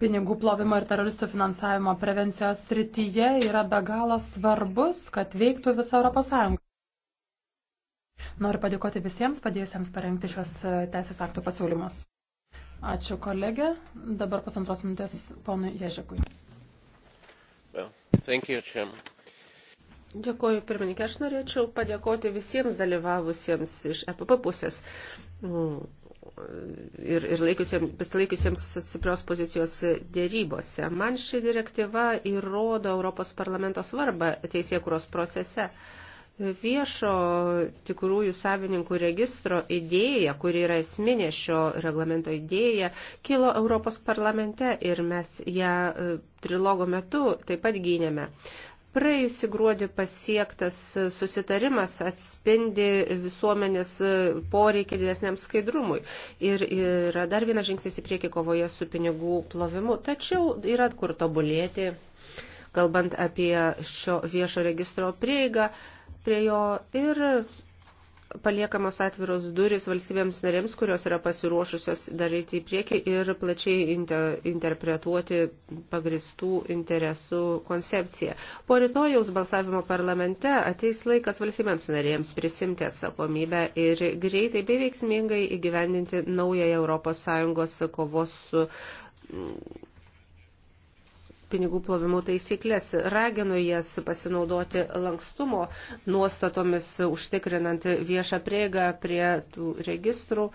pinigų plovimo ir teroristų finansavimo prevencijos srityje yra be galo svarbus, kad veiktų visa Europos Sąjunga. Noriu padėkoti visiems padėjusiems parengti šios e, teisės aktų pasiūlymus. Ačiū kolegė. Dabar pasantros minutės ponui Ježekui. Well, thank you, Chairman. Dėkoju pirmininkė, aš norėčiau padėkoti visiems dalyvavusiems iš EPP pusės. Mm ir, ir pasilaikiusiems stiprios pozicijos dėrybose. Man ši direktyva įrodo Europos parlamento svarbą teisėkuros procese. Viešo tikrųjų savininkų registro idėja, kuri yra esminė šio reglamento idėja, kilo Europos parlamente ir mes ją e, trilogo metu taip pat gynėme. Praėjusi gruodį pasiektas susitarimas atspindi visuomenės poreikį didesniam skaidrumui ir yra dar vienas žingsnis į priekį kovoje su pinigų plovimu, tačiau yra kur tobulėti, kalbant apie šio viešo registro prieigą prie jo ir paliekamos atviros duris valstybėms narėms, kurios yra pasiruošusios daryti į priekį ir plačiai inter, interpretuoti pagristų interesų koncepciją. Po rytojaus balsavimo parlamente ateis laikas valstybėms narėms prisimti atsakomybę ir greitai bei veiksmingai įgyvendinti naująją ES kovos su pinigų plovimų taisyklės. Raginu jas pasinaudoti lankstumo nuostatomis, užtikrinant viešą prieigą prie tų registrų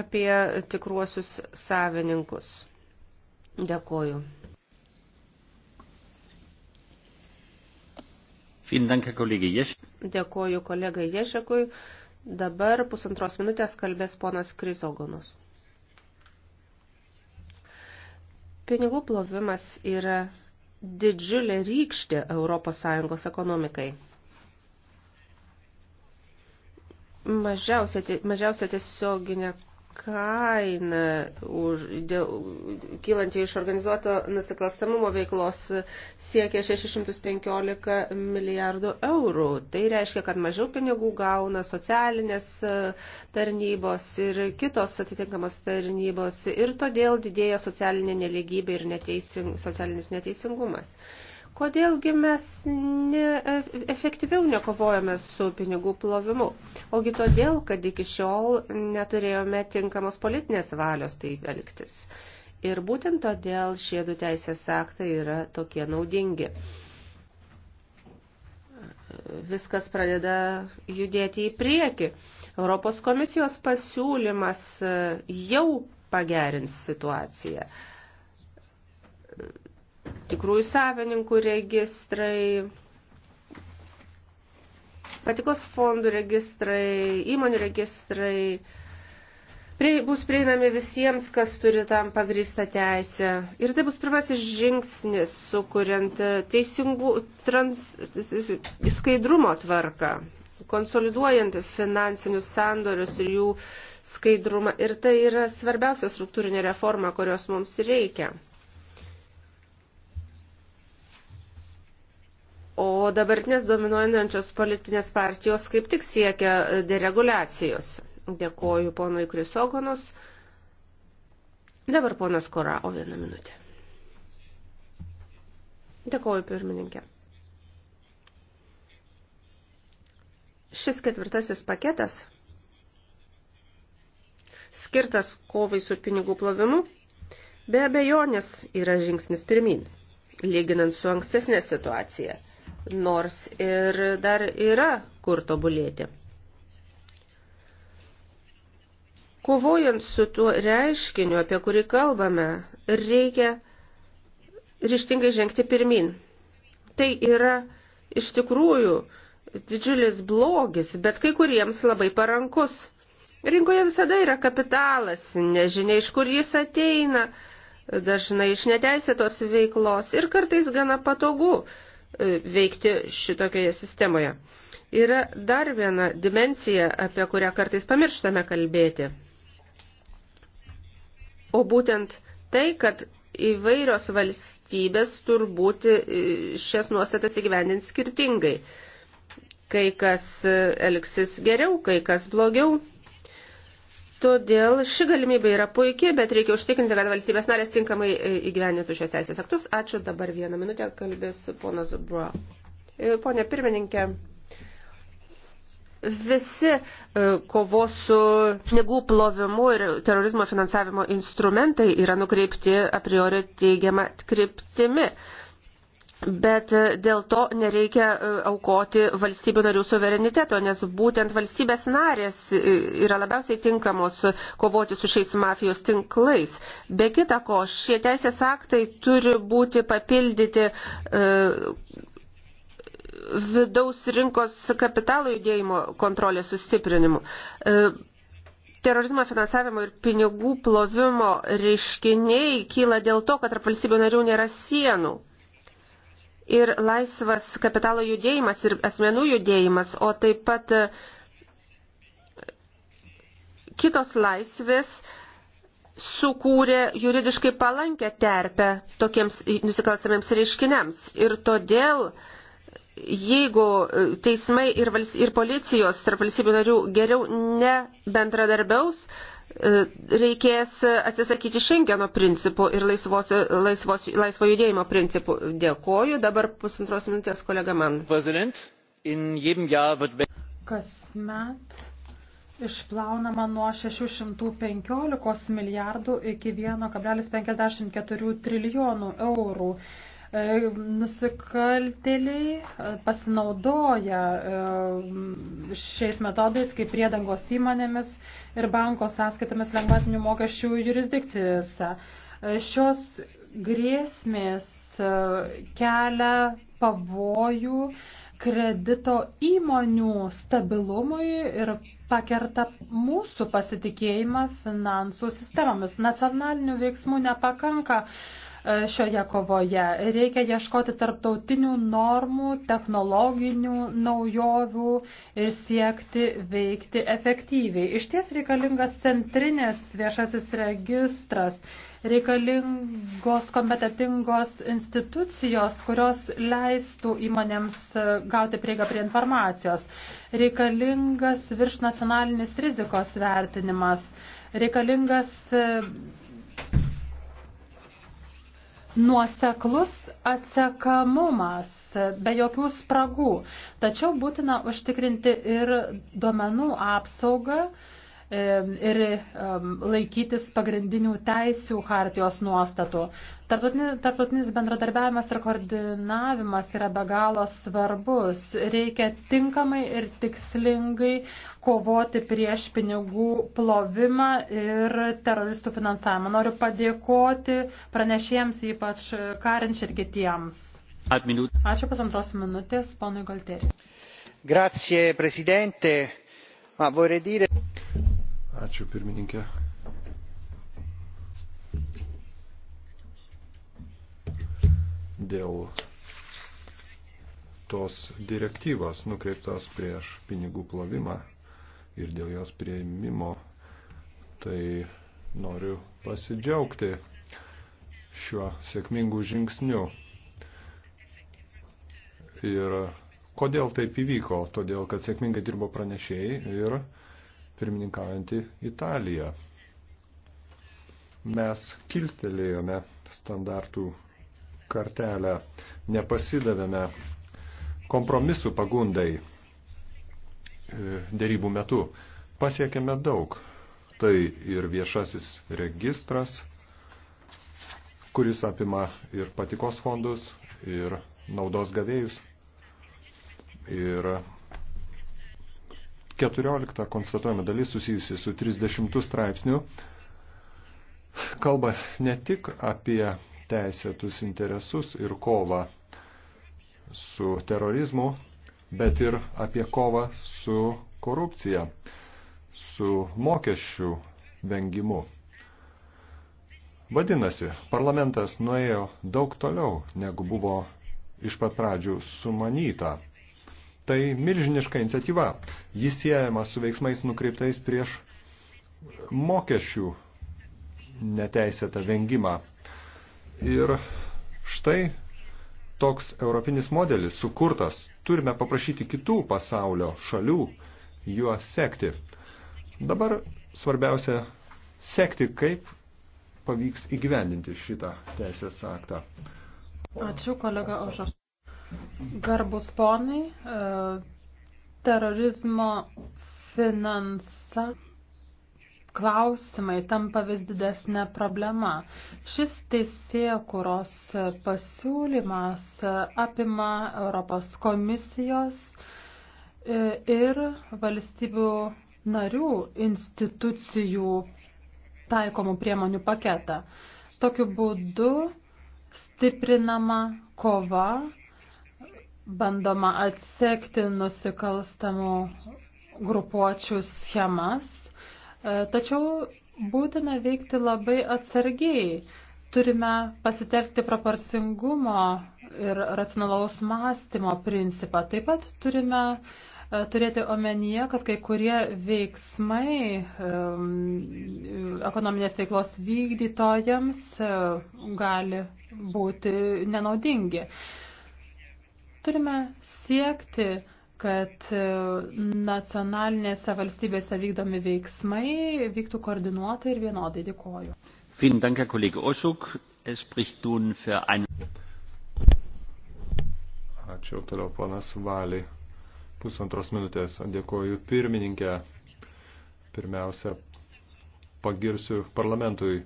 apie tikruosius savininkus. Dėkoju. Dėkoju kolegai Ješekui. Dabar pusantros minutės kalbės ponas Krizogonus. Pinigų plovimas yra didžiulė rykštė ES ekonomikai. Mažiausia, mažiausia tiesioginė kaina už, dėl, kylanti iš organizuoto nusikalstamumo veiklos siekia 615 milijardų eurų. Tai reiškia, kad mažiau pinigų gauna socialinės e, tarnybos ir kitos atitinkamos tarnybos ir todėl didėja socialinė neligybė ir neteising, socialinis neteisingumas. Kodėlgi mes ne, efektyviau nekovojame su pinigų plovimu? Ogi todėl, kad iki šiol neturėjome tinkamos politinės valios taip elgtis. Ir būtent todėl šie du teisės aktai yra tokie naudingi. Viskas pradeda judėti į priekį. Europos komisijos pasiūlymas jau pagerins situaciją tikrųjų savininkų registrai, patikos fondų registrai, įmonių registrai prie, bus prieinami visiems, kas turi tam pagrįstą teisę. Ir tai bus pirmasis žingsnis, sukuriant teisingų trans, skaidrumo tvarką, konsoliduojant finansinius sandorius ir jų skaidrumą. Ir tai yra svarbiausia struktūrinė reforma, kurios mums reikia. O dabartinės dominuojančios politinės partijos kaip tik siekia e, deregulacijos. Dėkoju ponui Krisogonus. Dabar ponas Kora, o vieną minutę. Dėkoju pirmininkė. Šis ketvirtasis paketas, skirtas kovai su pinigų plovimu, be abejonės yra žingsnis pirmin, lyginant su ankstesnė situacija – nors ir dar yra kur tobulėti. Kovojant su tuo reiškiniu, apie kurį kalbame, reikia ryštingai žengti pirmin. Tai yra iš tikrųjų didžiulis blogis, bet kai kuriems labai parankus. Rinkoje visada yra kapitalas, nežinia iš kur jis ateina, dažnai iš neteisėtos veiklos ir kartais gana patogu E, veikti šitokioje sistemoje. Yra dar viena dimensija, apie kurią kartais pamirštame kalbėti. O būtent tai, kad įvairios valstybės turbūt e, šias nuostatas įgyvendins skirtingai. Kai kas e, elgsis geriau, kai kas blogiau. Todėl ši galimybė yra puikiai, bet reikia užtikrinti, kad valstybės narės tinkamai e, įgyvenintų šios teisės aktus. Ačiū dabar vieną minutę, kalbės ponas Bro. E, Pone pirmininkė, visi e, kovos su pinigų plovimu ir terorizmo finansavimo instrumentai yra nukreipti a priori teigiamą kryptimi. Bet e, dėl to nereikia e, aukoti valstybių narių suvereniteto, nes būtent valstybės narės e, yra labiausiai tinkamos kovoti su šiais mafijos tinklais. Be kita ko, šie teisės aktai turi būti papildyti. E, vidaus rinkos kapitalo judėjimo kontrolės sustiprinimu. E, terorizmo finansavimo ir pinigų plovimo reiškiniai kyla dėl to, kad tarp valstybių narių nėra sienų ir laisvas kapitalo judėjimas ir asmenų judėjimas, o taip pat e, kitos laisvės sukūrė juridiškai palankę terpę tokiems nusikalstamiems reiškiniams. Ir todėl, jeigu e, teismai ir, vals, ir policijos tarp valstybių narių geriau nebendradarbiaus, bendradarbiaus, E, reikės atsisakyti Šengeno principų ir laisvos, laisvos, laisvo judėjimo principų. Dėkoju. Dabar pusantros minutės kolega man. Kasmet išplaunama nuo 615 milijardų iki 1,54 trilijonų eurų. E, nusikaltėliai e, pasinaudoja e, šiais metodais kaip priedangos įmonėmis ir banko sąskaitomis lengvatinių mokesčių jurisdikcijose. Šios grėsmės kelia pavojų kredito įmonių stabilumui ir pakerta mūsų pasitikėjimą finansų sistemomis. Nacionalinių veiksmų nepakanka uh, šioje kovoje. Reikia ieškoti tarptautinių normų, technologinių naujovių ir siekti veikti efektyviai. Iš ties reikalingas centrinės viešasis registras reikalingos kompetitingos institucijos, kurios leistų įmonėms gauti prieigą prie informacijos. Reikalingas virš nacionalinis rizikos vertinimas. Reikalingas nuoseklus atsekamumas be jokių spragų. Tačiau būtina užtikrinti ir duomenų apsaugą ir laikytis pagrindinių teisių hartijos nuostatų. Tartutinis, tartutinis bendradarbiavimas ir koordinavimas yra be galo svarbus. Reikia tinkamai ir tikslingai kovoti prieš pinigų plovimą ir teroristų finansavimą. Noriu padėkoti pranešėjams, ypač karinč ir kitiems. Ačiū pusantros minutės, ponui Galteriui. Grazie, prezidente. Ma vorrei dire... Ačiū pirmininkė. Dėl tos direktyvos nukreiptos prieš pinigų plovimą ir dėl jos prieimimo, tai noriu pasidžiaugti šiuo sėkmingu žingsniu. Ir kodėl taip įvyko? Todėl, kad sėkmingai dirbo pranešėjai ir pirmininkaujantį Italiją. Mes kilstelėjome standartų kartelę, nepasidavėme kompromisų pagundai e, dėrybų metu. Pasiekėme daug. Tai ir viešasis registras, kuris apima ir patikos fondus, ir naudos gavėjus, ir 14 konstatuojama dalis susijusi su 30 straipsniu kalba ne tik apie teisėtus interesus ir kovą su terorizmu, bet ir apie kovą su korupcija, su mokesčių vengimu. Vadinasi, parlamentas nuėjo daug toliau, negu buvo iš pat pradžių sumanyta. Tai milžiniška iniciatyva. Jis siejama su veiksmais nukreiptais prieš mokesčių neteisėtą vengimą. Ir štai toks europinis modelis sukurtas. Turime paprašyti kitų pasaulio šalių juo sekti. Dabar svarbiausia sekti, kaip pavyks įgyvendinti šitą teisės aktą. Ačiū, kolega Ošas. Garbus ponai, e, terorizmo finansa klausimai tampa vis didesnė problema. Šis teisėjo kuros pasiūlymas apima Europos komisijos e, ir valstybių narių institucijų taikomų priemonių paketą. Tokiu būdu stiprinama kova bandoma atsekti nusikalstamų grupuočių schemas, e, tačiau būtina veikti labai atsargiai. Turime pasitelkti proporcingumo ir racionalaus mąstymo principą. Taip pat turime e, turėti omenyje, kad kai kurie veiksmai e, ekonominės veiklos vykdytojams gali būti nenaudingi. Turime siekti, kad e, nacionalinėse valstybėse vykdomi veiksmai vyktų koordinuotai ir vienodai. Dėkoju. Vielen Dank, Herr Kollege Oschuk. Es spricht nun für ein... Ačiū toliau, ponas Valiai. Pusantros minutės. Dėkoju pirmininkę. Pirmiausia, pagirsiu parlamentui.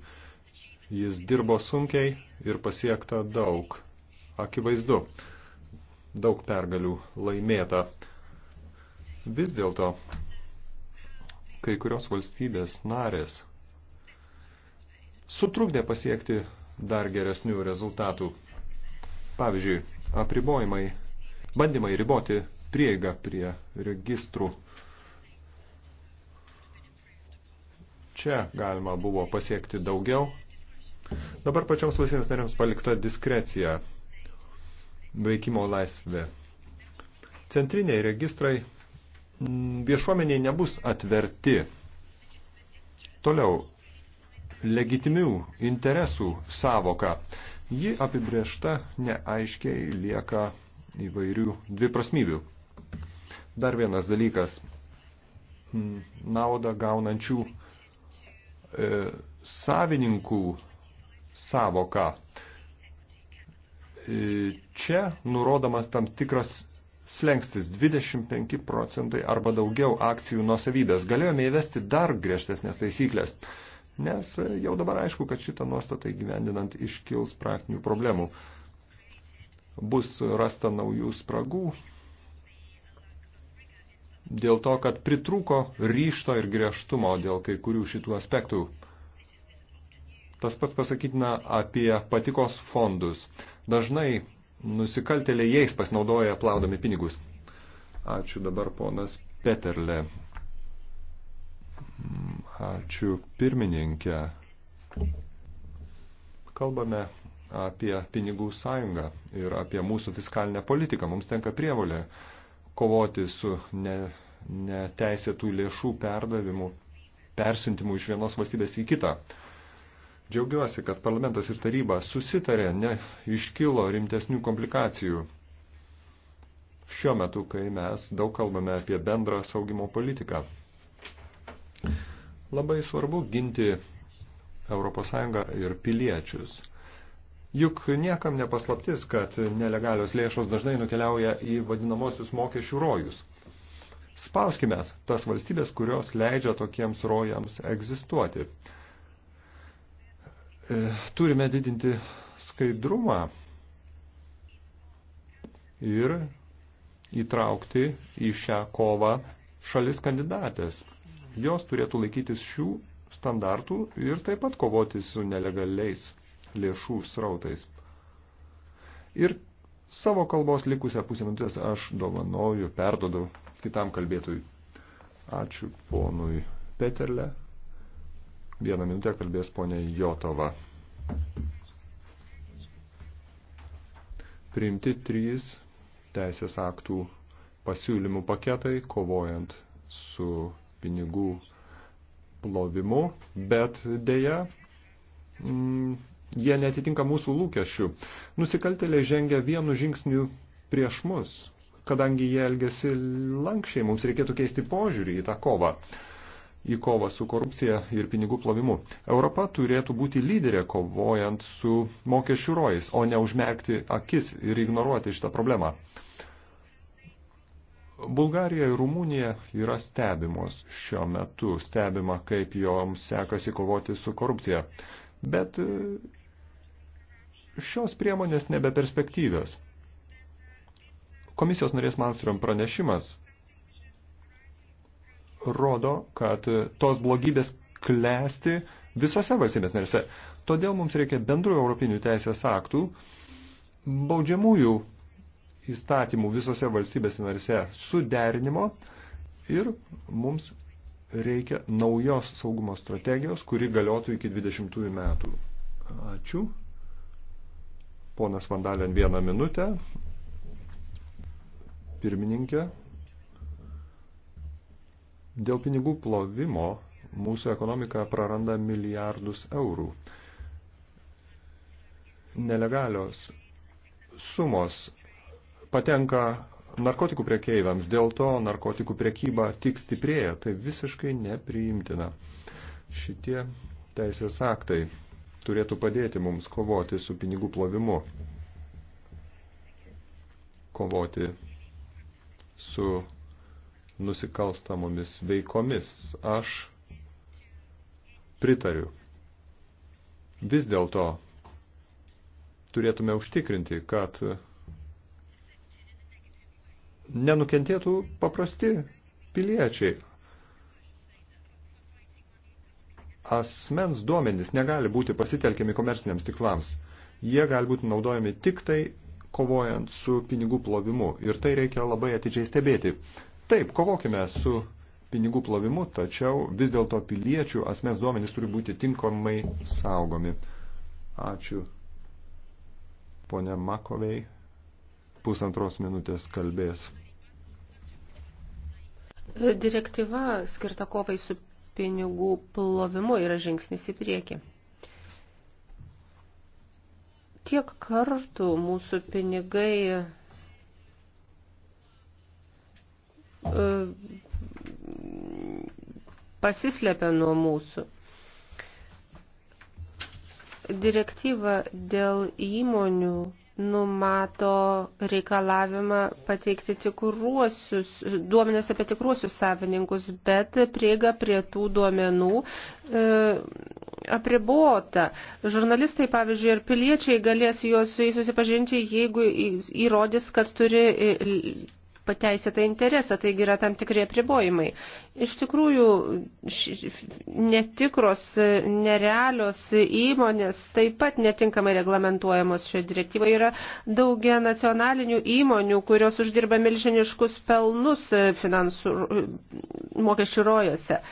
Jis dirbo sunkiai ir pasiekta daug. Akivaizdu daug pergalių laimėta. Vis dėlto, kai kurios valstybės narės sutrukdė pasiekti dar geresnių rezultatų. Pavyzdžiui, apribojimai, bandymai riboti prieigą prie registrų. Čia galima buvo pasiekti daugiau. Dabar pačioms valstybės narėms palikta diskrecija veikimo laisvė. Centriniai registrai mm, viešuomeniai nebus atverti. Toliau, legitimių interesų savoka. Ji apibriešta neaiškiai lieka įvairių dviprasmybių. Dar vienas dalykas mm, – naudą gaunančių e, savininkų savoka – čia nurodomas tam tikras slengstis 25 procentai arba daugiau akcijų nuosavybės. Galėjome įvesti dar griežtesnės taisyklės, nes jau dabar aišku, kad šitą nuostatą įgyvendinant iškils praktinių problemų. Bus rasta naujų spragų dėl to, kad pritruko ryšto ir griežtumo dėl kai kurių šitų aspektų. Tas pats pasakytina apie patikos fondus. Dažnai nusikaltėliai jais pasinaudoja plaudami pinigus. Ačiū dabar ponas Peterle. Ačiū pirmininkė. Kalbame apie pinigų sąjungą ir apie mūsų fiskalinę politiką. Mums tenka prievolė kovoti su neteisėtų lėšų perdavimu, persintimu iš vienos valstybės į kitą. Džiaugiuosi, kad parlamentas ir taryba susitarė, ne iškilo rimtesnių komplikacijų. Šiuo metu, kai mes daug kalbame apie bendrą saugimo politiką. Labai svarbu ginti ES ir piliečius. Juk niekam nepaslaptis, kad nelegalios lėšos dažnai nukeliauja į vadinamosius mokesčių rojus. Spauskime tas valstybės, kurios leidžia tokiems rojams egzistuoti. E, turime didinti skaidrumą ir įtraukti į šią kovą šalis kandidatės. Jos turėtų laikytis šių standartų ir taip pat kovoti su nelegaliais lėšų srautais. Ir savo kalbos likusią pusę minutės aš dovanoju, perdodu kitam kalbėtojui. Ačiū ponui Peterle. Vieną minutę kalbės ponė Jotova. Priimti trys teisės aktų pasiūlymų paketai, kovojant su pinigų plovimu, bet dėja mm, jie netitinka mūsų lūkesčių. Nusikaltėliai žengia vienu žingsniu prieš mus, kadangi jie elgesi lankščiai, mums reikėtų keisti požiūrį į tą kovą į kovą su korupcija ir pinigų plovimu. Europa turėtų būti lyderė kovojant su mokesčių rojais, o ne užmerkti akis ir ignoruoti šitą problemą. Bulgarija ir Rumunija yra stebimos šiuo metu, stebima, kaip joms sekasi kovoti su korupcija. Bet e, šios priemonės nebeperspektyvios. Komisijos narės Manstrom pranešimas rodo, kad tos blogybės klesti visose valstybės narėse. Todėl mums reikia bendrų europinių teisės aktų, baudžiamųjų įstatymų visose valstybės narėse suderinimo ir mums reikia naujos saugumo strategijos, kuri galiotų iki 20 metų. Ačiū. Ponas Vandalin vieną minutę. Pirmininkė. Dėl pinigų plovimo mūsų ekonomika praranda milijardus eurų. Nelegalios sumos patenka narkotikų priekeiviams, dėl to narkotikų priekyba tik stiprėja, tai visiškai nepriimtina. Šitie teisės aktai turėtų padėti mums kovoti su pinigų plovimu, kovoti su nusikalstamomis veikomis. Aš pritariu. Vis dėlto turėtume užtikrinti, kad nenukentėtų paprasti piliečiai. Asmens duomenys negali būti pasitelkiami komerciniams tiklams. Jie gali būti naudojami tik tai kovojant su pinigų plovimu. Ir tai reikia labai atidžiai stebėti. Taip, kovokime su pinigų plovimu, tačiau vis dėlto piliečių asmens duomenys turi būti tinkamai saugomi. Ačiū. Pone Makovei, pusantros minutės kalbės. Direktyva skirta kovai su pinigų plovimu yra žingsnis į priekį. Tiek kartų mūsų pinigai pasislepia nuo mūsų. Direktyva dėl įmonių numato reikalavimą pateikti tikruosius, duomenės apie tikruosius savininkus, bet prieiga prie tų duomenų e, apribota. Žurnalistai, pavyzdžiui, ir piliečiai galės juos susipažinti, jeigu įrodys, kad turi pateisėtą interesą, taigi yra tam tikrie pribojimai. Iš tikrųjų, netikros, nerealios įmonės taip pat netinkamai reglamentuojamos šioje direktyvoje. Yra daugia nacionalinių įmonių, kurios uždirba milžiniškus pelnus finansų mokesčių rojose.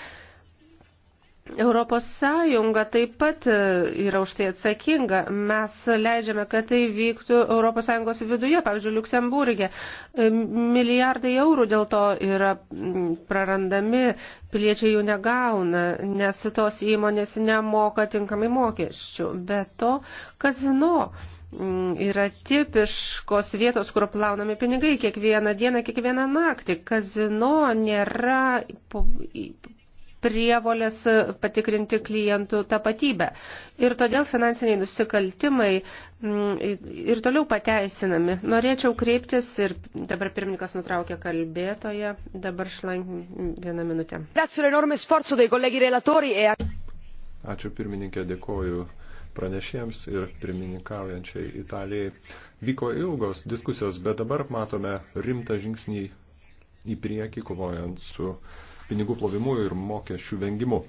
Europos Sąjunga taip pat e, yra už tai atsakinga. Mes leidžiame, kad tai vyktų Europos Sąjungos viduje, pavyzdžiui, Luksemburgė. E, milijardai eurų dėl to yra prarandami, piliečiai jų negauna, nes tos įmonės nemoka tinkamai mokesčių. Be to, kazino yra tipiškos vietos, kur plaunami pinigai kiekvieną dieną, kiekvieną naktį. Kazino nėra prievolės e, patikrinti klientų tapatybę. Ir todėl finansiniai nusikaltimai mm, ir toliau pateisinami. Norėčiau kreiptis ir dabar pirmininkas nutraukė kalbėtoje, dabar šlank vieną minutę. E Ačiū pirmininkė, dėkoju pranešėjams ir pirmininkaujančiai Italijai. Vyko ilgos diskusijos, bet dabar matome rimtą žingsnį į priekį, kovojant su uh, pinigų plovimu ir mokesčių vengimu.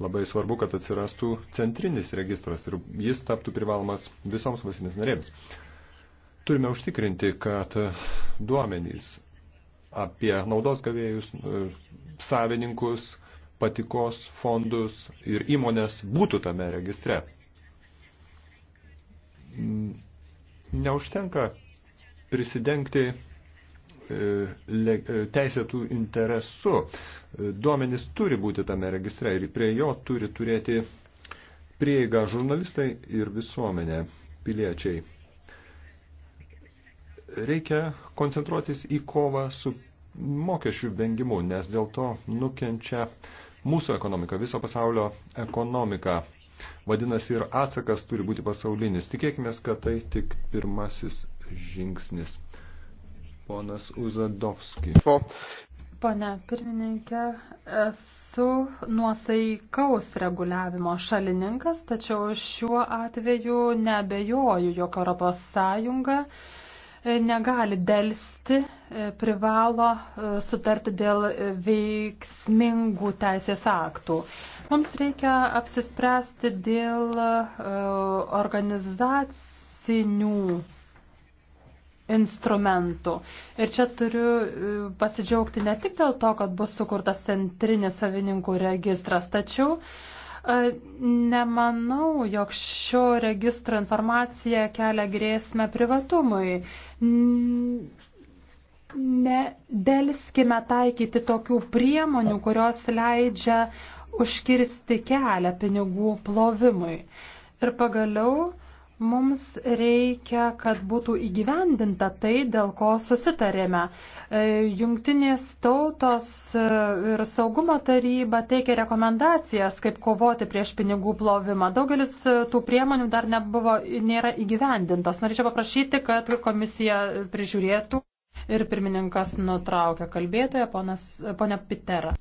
Labai svarbu, kad atsirastų centrinis registras ir jis taptų privalomas visoms valstybės narėms. Turime užtikrinti, kad duomenys apie naudos gavėjus, savininkus, patikos fondus ir įmonės būtų tame registre. Neužtenka prisidengti E, e, teisėtų interesu. E, duomenys turi būti tame registre ir prie jo turi turėti prieigą žurnalistai ir visuomenė, piliečiai. Reikia koncentruotis į kovą su mokesčių vengimu, nes dėl to nukenčia mūsų ekonomika, viso pasaulio ekonomika. Vadinasi, ir atsakas turi būti pasaulinis. Tikėkime, kad tai tik pirmasis žingsnis ponas Uzadovski. Pane pirmininkė, esu nuosaikaus reguliavimo šalininkas, tačiau šiuo atveju nebejoju, jog Europos Sąjunga negali dėlsti, privalo e, sutarti dėl veiksmingų teisės aktų. Mums reikia apsispręsti dėl e, organizacinių instrumentų. Ir čia turiu e, pasidžiaugti ne tik dėl to, kad bus sukurtas centrinis savininkų registras, tačiau e, nemanau, jog šio registro informacija kelia grėsmę privatumui. Nedelskime taikyti tokių priemonių, kurios leidžia užkirsti kelią pinigų plovimui. Ir pagaliau Mums reikia, kad būtų įgyvendinta tai, dėl ko susitarėme. E, jungtinės tautos e, ir saugumo taryba teikia rekomendacijas, kaip kovoti prieš pinigų plovimą. Daugelis e, tų priemonių dar nebuvo, nėra įgyvendintos. Norėčiau paprašyti, kad komisija prižiūrėtų ir pirmininkas nutraukia kalbėtoją, ponia Pitera.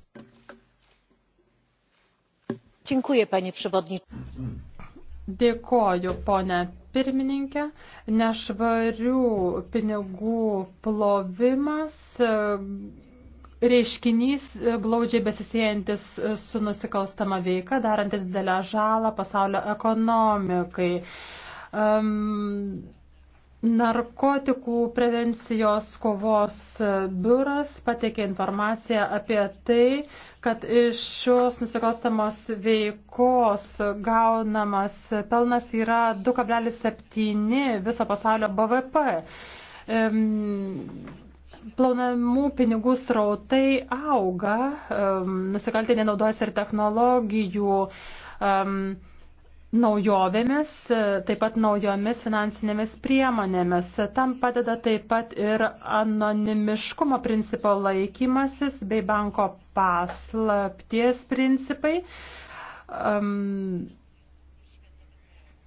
Dziękuję, panie przewodniczący. Dėkoju, ponė pirmininkė. Nešvarių pinigų plovimas reiškinys glaudžiai besisėjantis su nusikalstama veika, darantis didelę žalą pasaulio ekonomikai. Um, Narkotikų prevencijos kovos biuras pateikė informaciją apie tai, kad iš šios nusikalstamos veikos gaunamas pelnas yra 2,7 viso pasaulio BVP. Plaunamų pinigų srautai auga, nusikaltė nenaudojas ir technologijų. Um, naujovėmis, taip pat naujomis finansinėmis priemonėmis. Tam padeda taip pat ir anonimiškumo principo laikymasis bei banko paslapties principai. Um,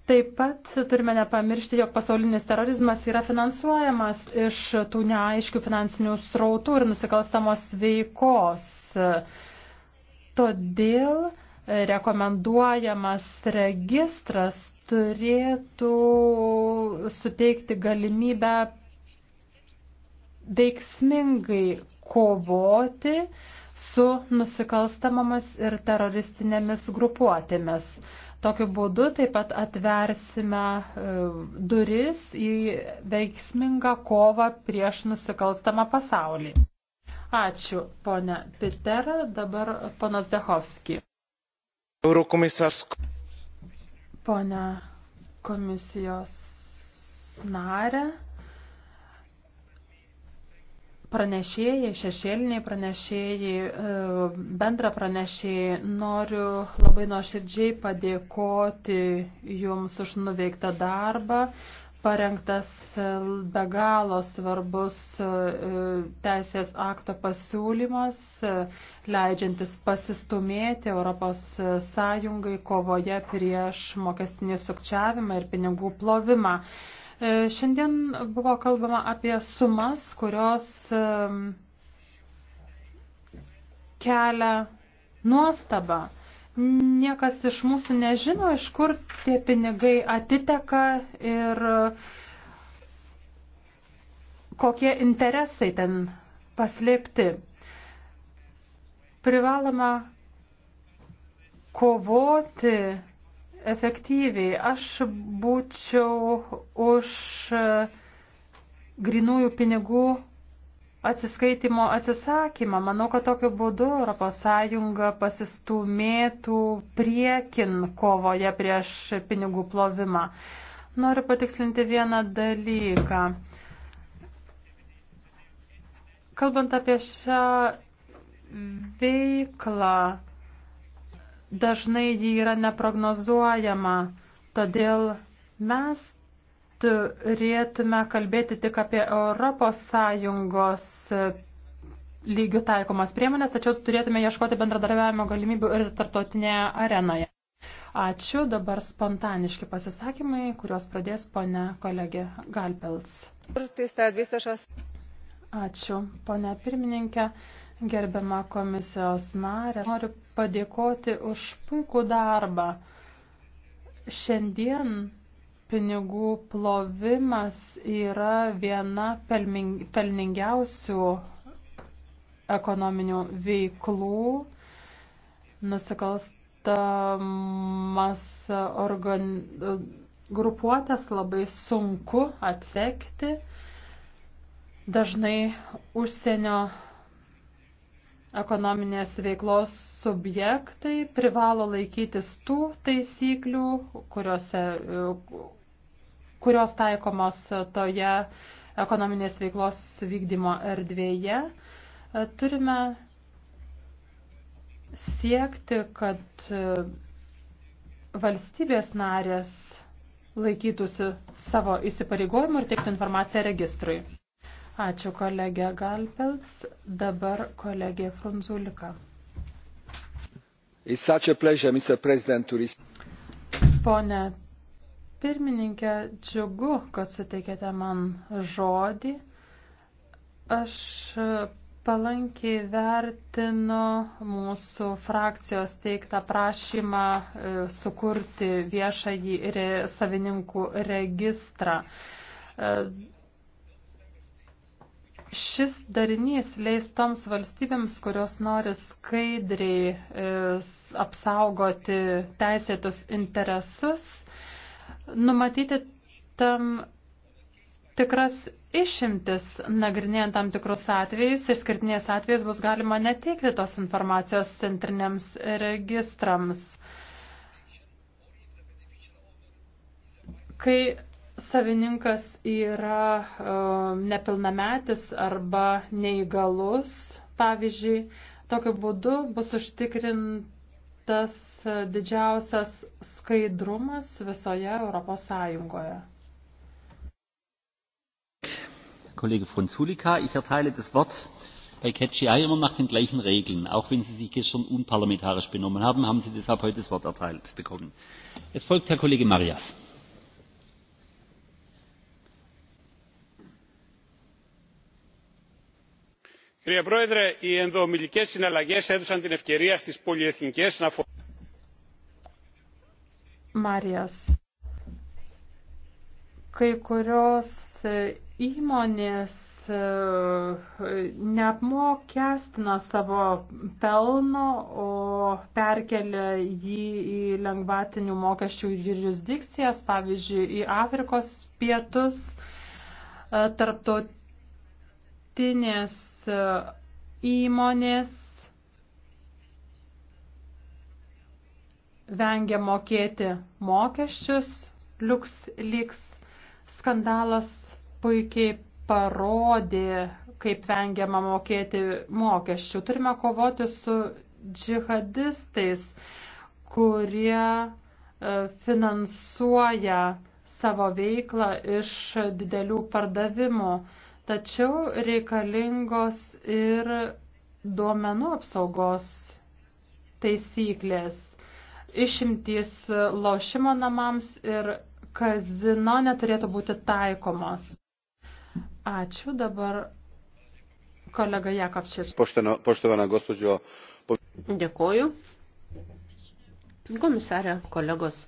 Taip pat turime nepamiršti, jog pasaulinis terorizmas yra finansuojamas iš tų neaiškių finansinių srautų ir nusikalstamos veikos. Todėl rekomenduojamas registras turėtų suteikti galimybę veiksmingai kovoti su nusikalstamomis ir teroristinėmis grupuotėmis. Tokiu būdu taip pat atversime e, duris į veiksmingą kovą prieš nusikalstamą pasaulį. Ačiū, ponia Pitera. Dabar ponas Dehovski. Eurokomisars. Pone komisijos narė, pranešėjai, šešėliniai pranešėjai, e, bendra pranešėjai, noriu labai nuoširdžiai padėkoti Jums už nuveiktą darbą parengtas e, be galo svarbus e, teisės akto pasiūlymas, e, leidžiantis pasistumėti Europos Sąjungai kovoje prieš mokestinį sukčiavimą ir pinigų plovimą. Šiandien buvo kalbama apie sumas, kurios kelia nuostabą niekas iš mūsų nežino, iš kur tie pinigai atiteka ir kokie interesai ten paslėpti. Privaloma kovoti efektyviai. Aš būčiau už grinųjų pinigų atsiskaitimo atsisakymą. Manau, kad tokiu būdu ES pasistumėtų priekin kovoje prieš pinigų plovimą. Noriu patikslinti vieną dalyką. Kalbant apie šią veiklą, dažnai ji yra neprognozuojama, todėl mes turėtume kalbėti tik apie Europos Sąjungos lygių taikomas priemonės, tačiau turėtume ieškoti bendradarbiavimo galimybių ir tarptautinėje arenoje. Ačiū. Dabar spontaniški pasisakymai, kuriuos pradės ponia kolegė Galpels. Ačiū, ponia pirmininkė. Gerbiama komisijos narė, noriu padėkoti už puikų darbą. Šiandien pinigų plovimas yra viena pelningiausių ekonominių veiklų. Nusikalstamas organ... grupuotės labai sunku atsekti. Dažnai užsienio ekonominės veiklos subjektai privalo laikytis tų taisyklių, kuriuose kurios taikomos toje ekonominės veiklos vykdymo erdvėje, turime siekti, kad valstybės narės laikytųsi savo įsipareigojimų ir teiktų informaciją registrui. Ačiū kolegė Galpels, dabar kolegė Frunzulika. It's such a pleasure, Mr. President, to receive. Pone Pirmininkė, džiugu, kad suteikėte man žodį. Aš palankiai vertinu mūsų frakcijos teiktą prašymą e, sukurti viešąjį re, savininkų registrą. E, šis darinys leis toms valstybėms, kurios nori skaidriai e, apsaugoti teisėtus interesus, numatyti tam tikras išimtis nagrinėjant tam tikrus atvejus, išskirtinės atvejais bus galima neteikti tos informacijos centriniams registrams. Kai savininkas yra uh, nepilnametis arba neįgalus, pavyzdžiui, tokiu būdu bus užtikrint tas didžiausias skaidrumas visoje Europos Sąjungoje. Kollege Frunzulika, ich erteile das Wort bei CatchEye immer nach den gleichen Regeln. Auch wenn Sie sich gestern unparlamentarisch benommen haben, haben Sie deshalb heute das Wort erteilt bekommen. Es folgt Herr Kollege Marias. Κύριε Πρόεδρε, οι ενδοομιλικές συναλλαγές έδωσαν την ευκαιρία στις πολυεθνικές να Marijas. Kai kurios įmonės neapmokestina savo pelno, o perkelia jį į lengvatinių mokesčių jurisdikcijas, pavyzdžiui, į Afrikos pietus, e, tarptautinį tarptautinės e, įmonės vengia mokėti mokesčius. Liuks lygs skandalas puikiai parodė, kaip vengiama mokėti mokesčių. Turime kovoti su džihadistais, kurie e, finansuoja savo veiklą iš didelių pardavimų. Tačiau reikalingos ir duomenų apsaugos taisyklės. Išimtys lošimo namams ir kazino neturėtų būti taikomos. Ačiū dabar kolega Jakovčič. Poštovana gospođo. Dėkoju. Komisarė, kolegos,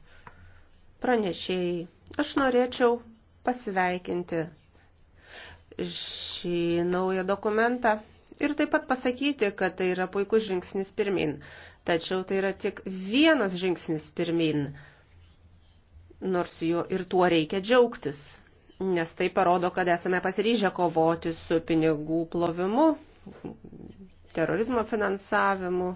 pranešėjai, aš norėčiau pasveikinti šį naują dokumentą ir taip pat pasakyti, kad tai yra puikus žingsnis pirmin. Tačiau tai yra tik vienas žingsnis pirmin, nors jo ir tuo reikia džiaugtis, nes tai parodo, kad esame pasiryžę kovoti su pinigų plovimu, terorizmo finansavimu,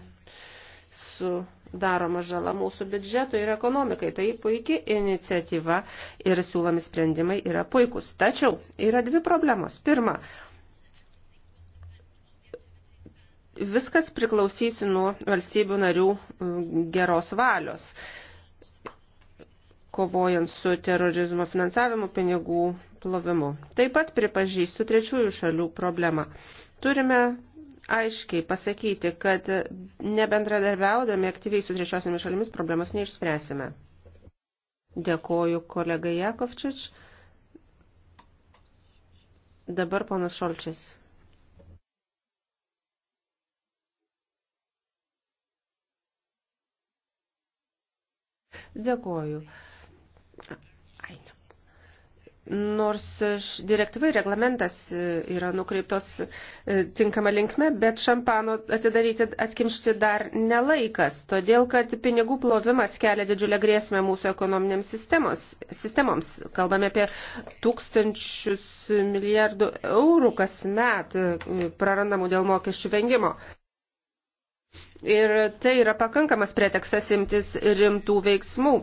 su daroma žala mūsų biudžetui ir ekonomikai. Tai puikiai iniciatyva ir siūlomi sprendimai yra puikus. Tačiau yra dvi problemos. Pirma, viskas priklausys nuo valstybių narių mm, geros valios kovojant su terorizmo finansavimu pinigų plovimu. Taip pat pripažįstu trečiųjų šalių problemą. Turime aiškiai pasakyti, kad nebendradarbiaudami aktyviai su trečiosiomis šalimis problemos neišspręsime. Dėkoju kolegai Jakovčič. Dabar ponas Šolčis. Dėkoju. Nors direktyvai reglamentas e, yra nukreiptos e, tinkama linkme, bet šampano atidaryti atkimšti dar nelaikas, todėl kad pinigų plovimas kelia didžiulę grėsmę mūsų ekonominėms sistemos, sistemoms. Kalbame apie tūkstančius milijardų eurų kasmet e, prarandamų dėl mokesčių vengimo. Ir tai yra pakankamas pretekstas imtis rimtų veiksmų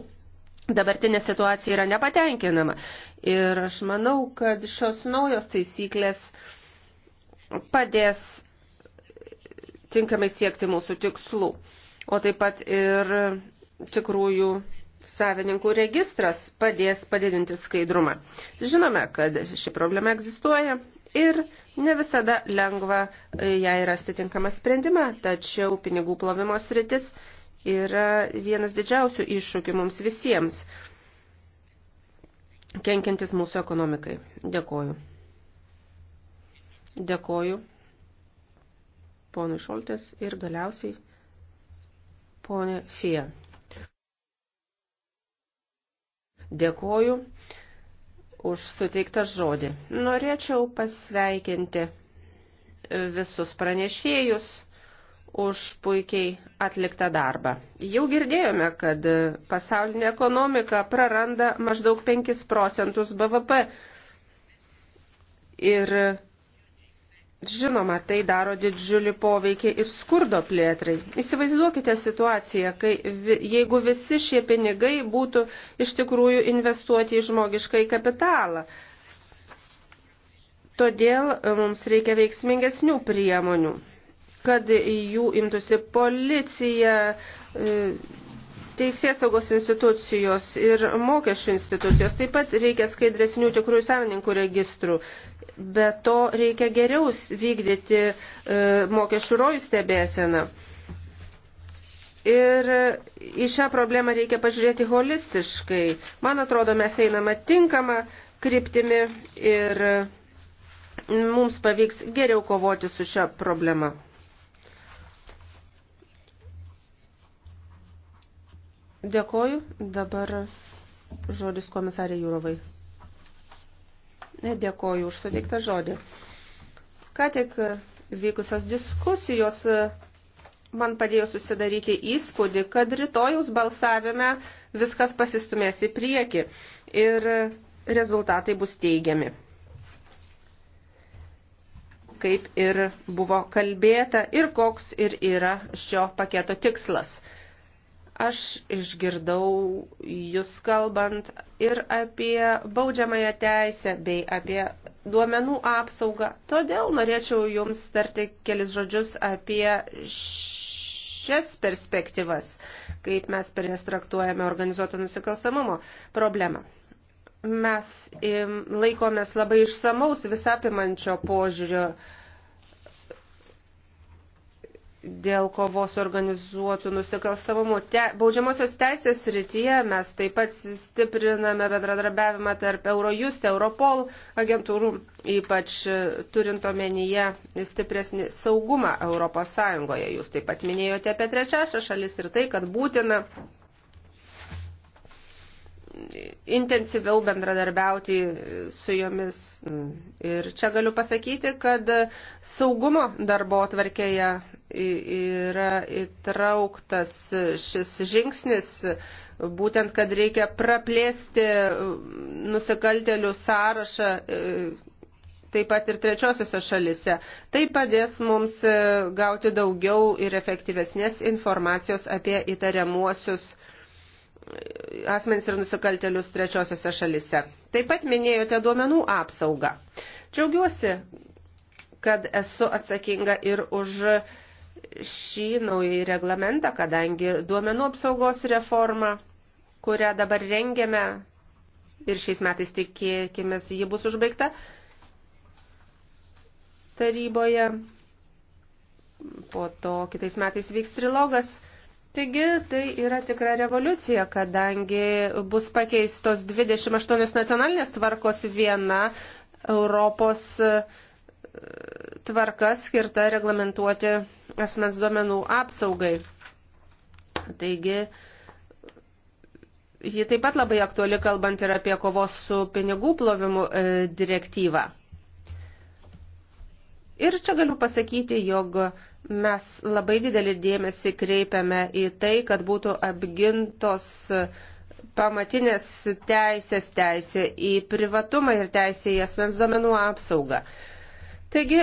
dabartinė situacija yra nepatenkinama. Ir aš manau, kad šios naujos taisyklės padės tinkamai siekti mūsų tikslų. O taip pat ir tikrųjų savininkų registras padės padidinti skaidrumą. Žinome, kad ši problema egzistuoja ir ne visada lengva e, jai rasti tinkamą sprendimą, tačiau pinigų plovimo sritis yra vienas didžiausių iššūkių mums visiems, kenkiantis mūsų ekonomikai. Dėkoju. Dėkoju ponui Šoltės ir galiausiai ponė Fija. Dėkoju už suteiktą žodį. Norėčiau pasveikinti visus pranešėjus už puikiai atliktą darbą. Jau girdėjome, kad pasaulinė ekonomika praranda maždaug 5 procentus BVP. Ir žinoma, tai daro didžiulį poveikį ir skurdo plėtrai. Įsivaizduokite situaciją, kai, jeigu visi šie pinigai būtų iš tikrųjų investuoti į žmogiškai kapitalą. Todėl mums reikia veiksmingesnių priemonių kad jų imtųsi policija, e, teisės saugos institucijos ir mokesčių institucijos. Taip pat reikia skaidresnių tikrųjų savininkų registrų. Be to reikia geriau vykdyti e, mokesčių rojų stebėseną. Ir į šią problemą reikia pažiūrėti holistiškai. Man atrodo, mes einame tinkamą kryptimi ir mums pavyks geriau kovoti su šią problemą. Dėkoju. Dabar žodis komisarė Jūrovai. Dėkoju už suteiktą žodį. Ką tik vykusios diskusijos e, man padėjo susidaryti įspūdį, kad rytojaus balsavime viskas pasistumės į priekį ir rezultatai bus teigiami. Kaip ir buvo kalbėta ir koks ir yra šio paketo tikslas – Aš išgirdau jūs kalbant ir apie baudžiamąją teisę bei apie duomenų apsaugą. Todėl norėčiau jums tarti kelis žodžius apie šias perspektyvas, kaip mes per jas traktuojame organizuoto nusikalstamumo problemą. Mes laikomės labai išsamaus visapimančio požiūrio dėl kovos organizuotų nusikalstamumų. Te, baudžiamosios teisės srityje mes taip pat stipriname bendradarbiavimą tarp Eurojust, Europol agentūrų, ypač turint omenyje stipresnį saugumą Europos Sąjungoje. Jūs taip pat minėjote apie trečiąsią šalis ir tai, kad būtina intensyviau bendradarbiauti su jomis. Ir čia galiu pasakyti, kad saugumo darbo atvarkėje yra įtrauktas šis žingsnis, būtent, kad reikia praplėsti nusikaltelių sąrašą e, taip pat ir trečiosiuose šalise. Tai padės mums e, gauti daugiau ir efektyvesnės informacijos apie įtariamuosius e, asmenys ir nusikaltelius trečiosiuose šalise. Taip pat minėjote duomenų apsaugą. Džiaugiuosi, kad esu atsakinga ir už šį naują reglamentą, kadangi duomenų apsaugos reforma, kurią dabar rengiame ir šiais metais tikėkimės ji bus užbaigta taryboje, po to kitais metais vyks trilogas. Taigi tai yra tikra revoliucija, kadangi bus pakeistos 28 nacionalinės tvarkos viena Europos uh, tvarka skirta reglamentuoti asmens duomenų apsaugai. Taigi, ji taip pat labai aktuali kalbant ir apie kovos su pinigų plovimu e, direktyvą. Ir čia galiu pasakyti, jog mes labai didelį dėmesį kreipiame į tai, kad būtų apgintos pamatinės teisės teisė į privatumą ir teisė į asmens duomenų apsaugą. Taigi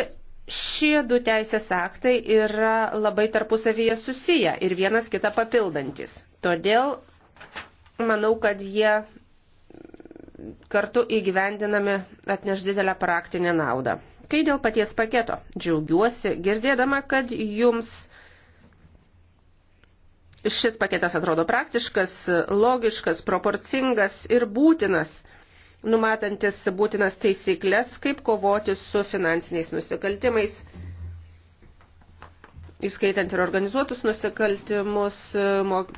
šie du teisės aktai yra labai tarpusavyje susiję ir vienas kitą papildantis. Todėl manau, kad jie kartu įgyvendinami atneš didelę praktinę naudą. Kai dėl paties paketo džiaugiuosi, girdėdama, kad jums šis paketas atrodo praktiškas, logiškas, proporcingas ir būtinas – numatantis būtinas taisyklės, kaip kovoti su finansiniais nusikaltimais, įskaitant ir organizuotus nusikaltimus,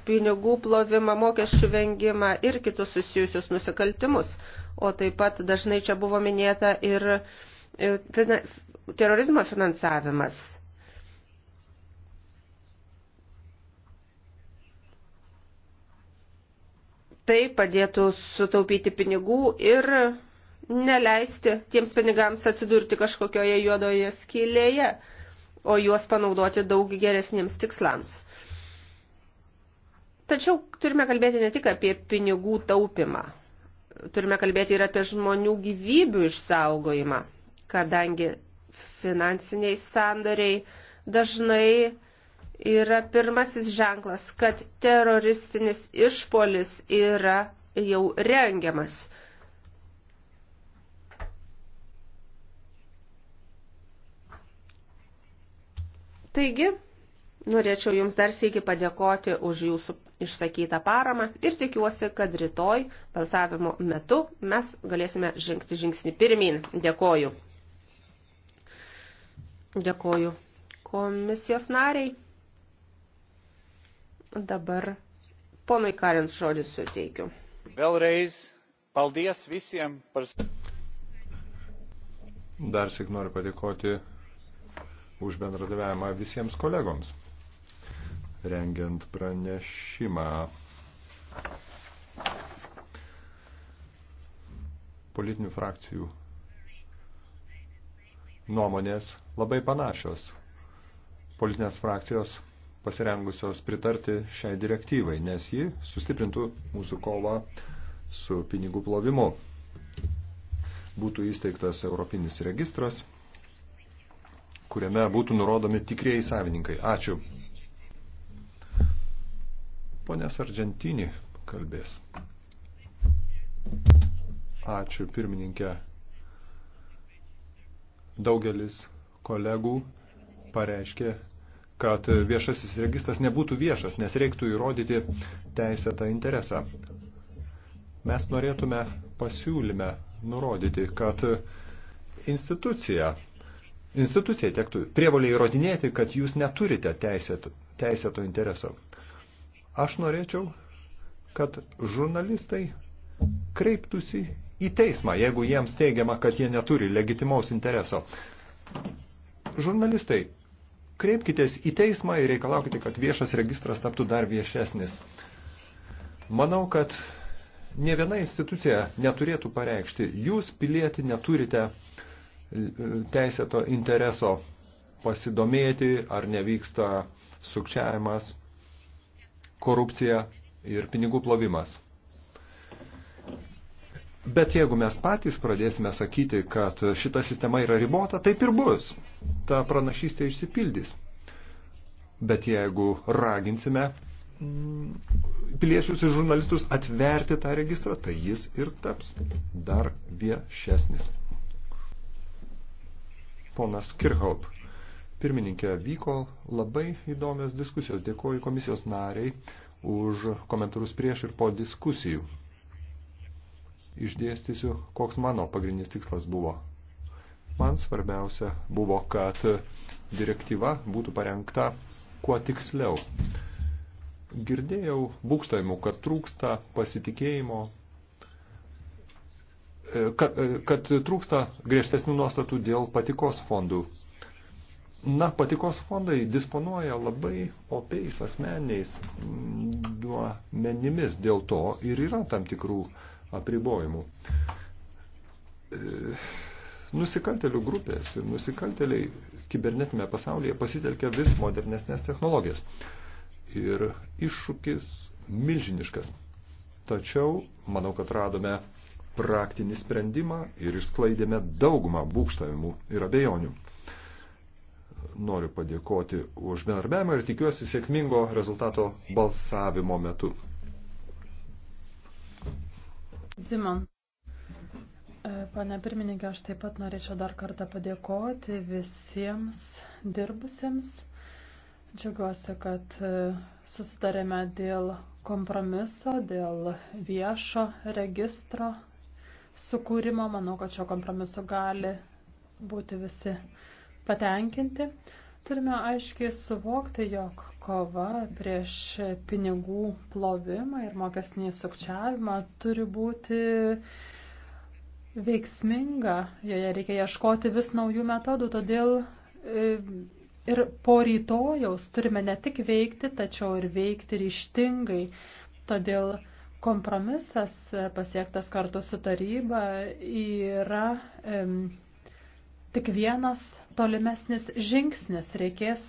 pinigų plovimą, mokesčių vengimą ir kitus susijusius nusikaltimus. O taip pat dažnai čia buvo minėta ir e, terorizmo finansavimas. Tai padėtų sutaupyti pinigų ir neleisti tiems pinigams atsidurti kažkokioje juodoje skylėje, o juos panaudoti daug geresniems tikslams. Tačiau turime kalbėti ne tik apie pinigų taupimą, turime kalbėti ir apie žmonių gyvybių išsaugojimą, kadangi finansiniai sandoriai dažnai yra pirmasis ženklas, kad teroristinis išpolis yra jau rengiamas. Taigi, norėčiau Jums dar sėki padėkoti už Jūsų išsakytą paramą ir tikiuosi, kad rytoj balsavimo metu mes galėsime žengti žingsnį pirmin. Dėkoju. Dėkoju komisijos nariai. Dabar ponui Karins žodis suteikiu. Vėlreiz, paldies visiems. Par... Dar sik noriu padėkoti už bendradarbiavimą visiems kolegoms, rengiant pranešimą. Politinių frakcijų nuomonės labai panašios. Politinės frakcijos pasirengusios pritarti šiai direktyvai, nes ji sustiprintų mūsų kovą su pinigų plovimu. Būtų įsteigtas Europinis registras, kuriame būtų nurodomi tikrieji savininkai. Ačiū. Ponės Argentinį kalbės. Ačiū pirmininkė. Daugelis kolegų pareiškė kad viešasis registras nebūtų viešas, nes reiktų įrodyti teisėtą interesą. Mes norėtume pasiūlyme nurodyti, kad institucija, institucija tektų prievolė įrodinėti, kad jūs neturite teisėto, teisėto intereso. Aš norėčiau, kad žurnalistai kreiptųsi į teismą, jeigu jiems teigiama, kad jie neturi legitimaus intereso. Žurnalistai kreipkitės į teismą ir reikalaukite, kad viešas registras taptų dar viešesnis. Manau, kad ne viena institucija neturėtų pareikšti, jūs pilieti neturite teisėto intereso pasidomėti, ar nevyksta sukčiavimas, korupcija ir pinigų plovimas. Bet jeigu mes patys pradėsime sakyti, kad šita sistema yra ribota, taip ir bus. Ta pranašystė išsipildys. Bet jeigu raginsime mm, piliečius ir žurnalistus atverti tą registrą, tai jis ir taps dar viešesnis. Ponas Kirchhoff. Pirmininkė, vyko labai įdomios diskusijos. Dėkuoju komisijos nariai už komentarus prieš ir po diskusijų išdėstysiu, koks mano pagrindinis tikslas buvo. Man svarbiausia buvo, kad direktyva būtų parengta kuo tiksliau. Girdėjau būkštojimų, kad trūksta pasitikėjimo, e, kad, e, kad trūksta griežtesnių nuostatų dėl patikos fondų. Na, patikos fondai disponuoja labai opiais asmeniais mm, duomenimis, dėl to ir yra tam tikrų apribojimų. E, nusikaltelių grupės ir nusikalteliai kibernetinėme pasaulyje pasitelkia vis modernesnės technologijas. Ir iššūkis milžiniškas. Tačiau manau, kad radome praktinį sprendimą ir išsklaidėme daugumą būkštavimų ir abejonių. Noriu padėkoti už bendarbiavimą ir tikiuosi sėkmingo rezultato balsavimo metu. Simon. E, Pane pirmininkė, aš taip pat norėčiau dar kartą padėkoti visiems dirbusiems. Džiaugiuosi, kad e, susitarėme dėl kompromiso, dėl viešo registro sukūrimo. Manau, kad šio kompromiso gali būti visi patenkinti. Turime aiškiai suvokti, jog kova prieš pinigų plovimą ir mokestinį sukčiavimą turi būti veiksminga, joje reikia ieškoti vis naujų metodų, todėl e, ir po rytojaus turime ne tik veikti, tačiau ir veikti ryštingai. Todėl kompromisas e, pasiektas kartu su taryba yra um, tik vienas tolimesnis žingsnis, reikės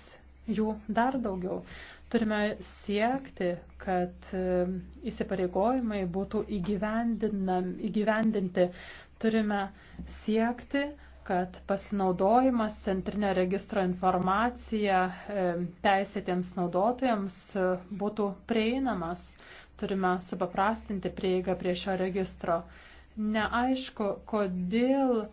jų dar daugiau. Turime siekti, kad e, įsipareigojimai būtų įgyvendinti. Turime siekti, kad pasinaudojimas centrinė registro informacija e, teisėtiems naudotojams e, būtų prieinamas. Turime supaprastinti prieigą prie šio registro. Neaišku, kodėl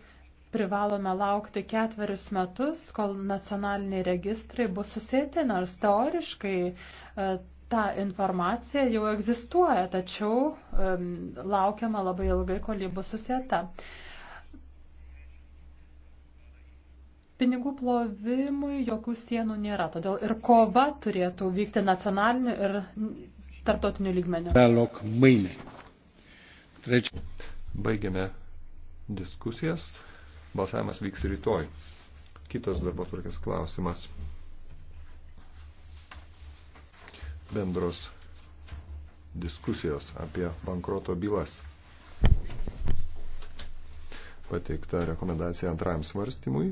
privalome laukti ketveris metus, kol nacionaliniai registrai bus susėti, nors teoriškai e, ta informacija jau egzistuoja, tačiau um, laukiama labai ilgai, kol ji bus susėta. Pinigų plovimui jokių sienų nėra, todėl ir kova turėtų vykti nacionaliniu ir tarptautiniu lygmeniu. Baigiame diskusijas. Balsavimas vyks rytoj. Kitas darbo tvarkės klausimas. Bendros diskusijos apie bankroto bylas. Pateikta rekomendacija antrajam svarstymui.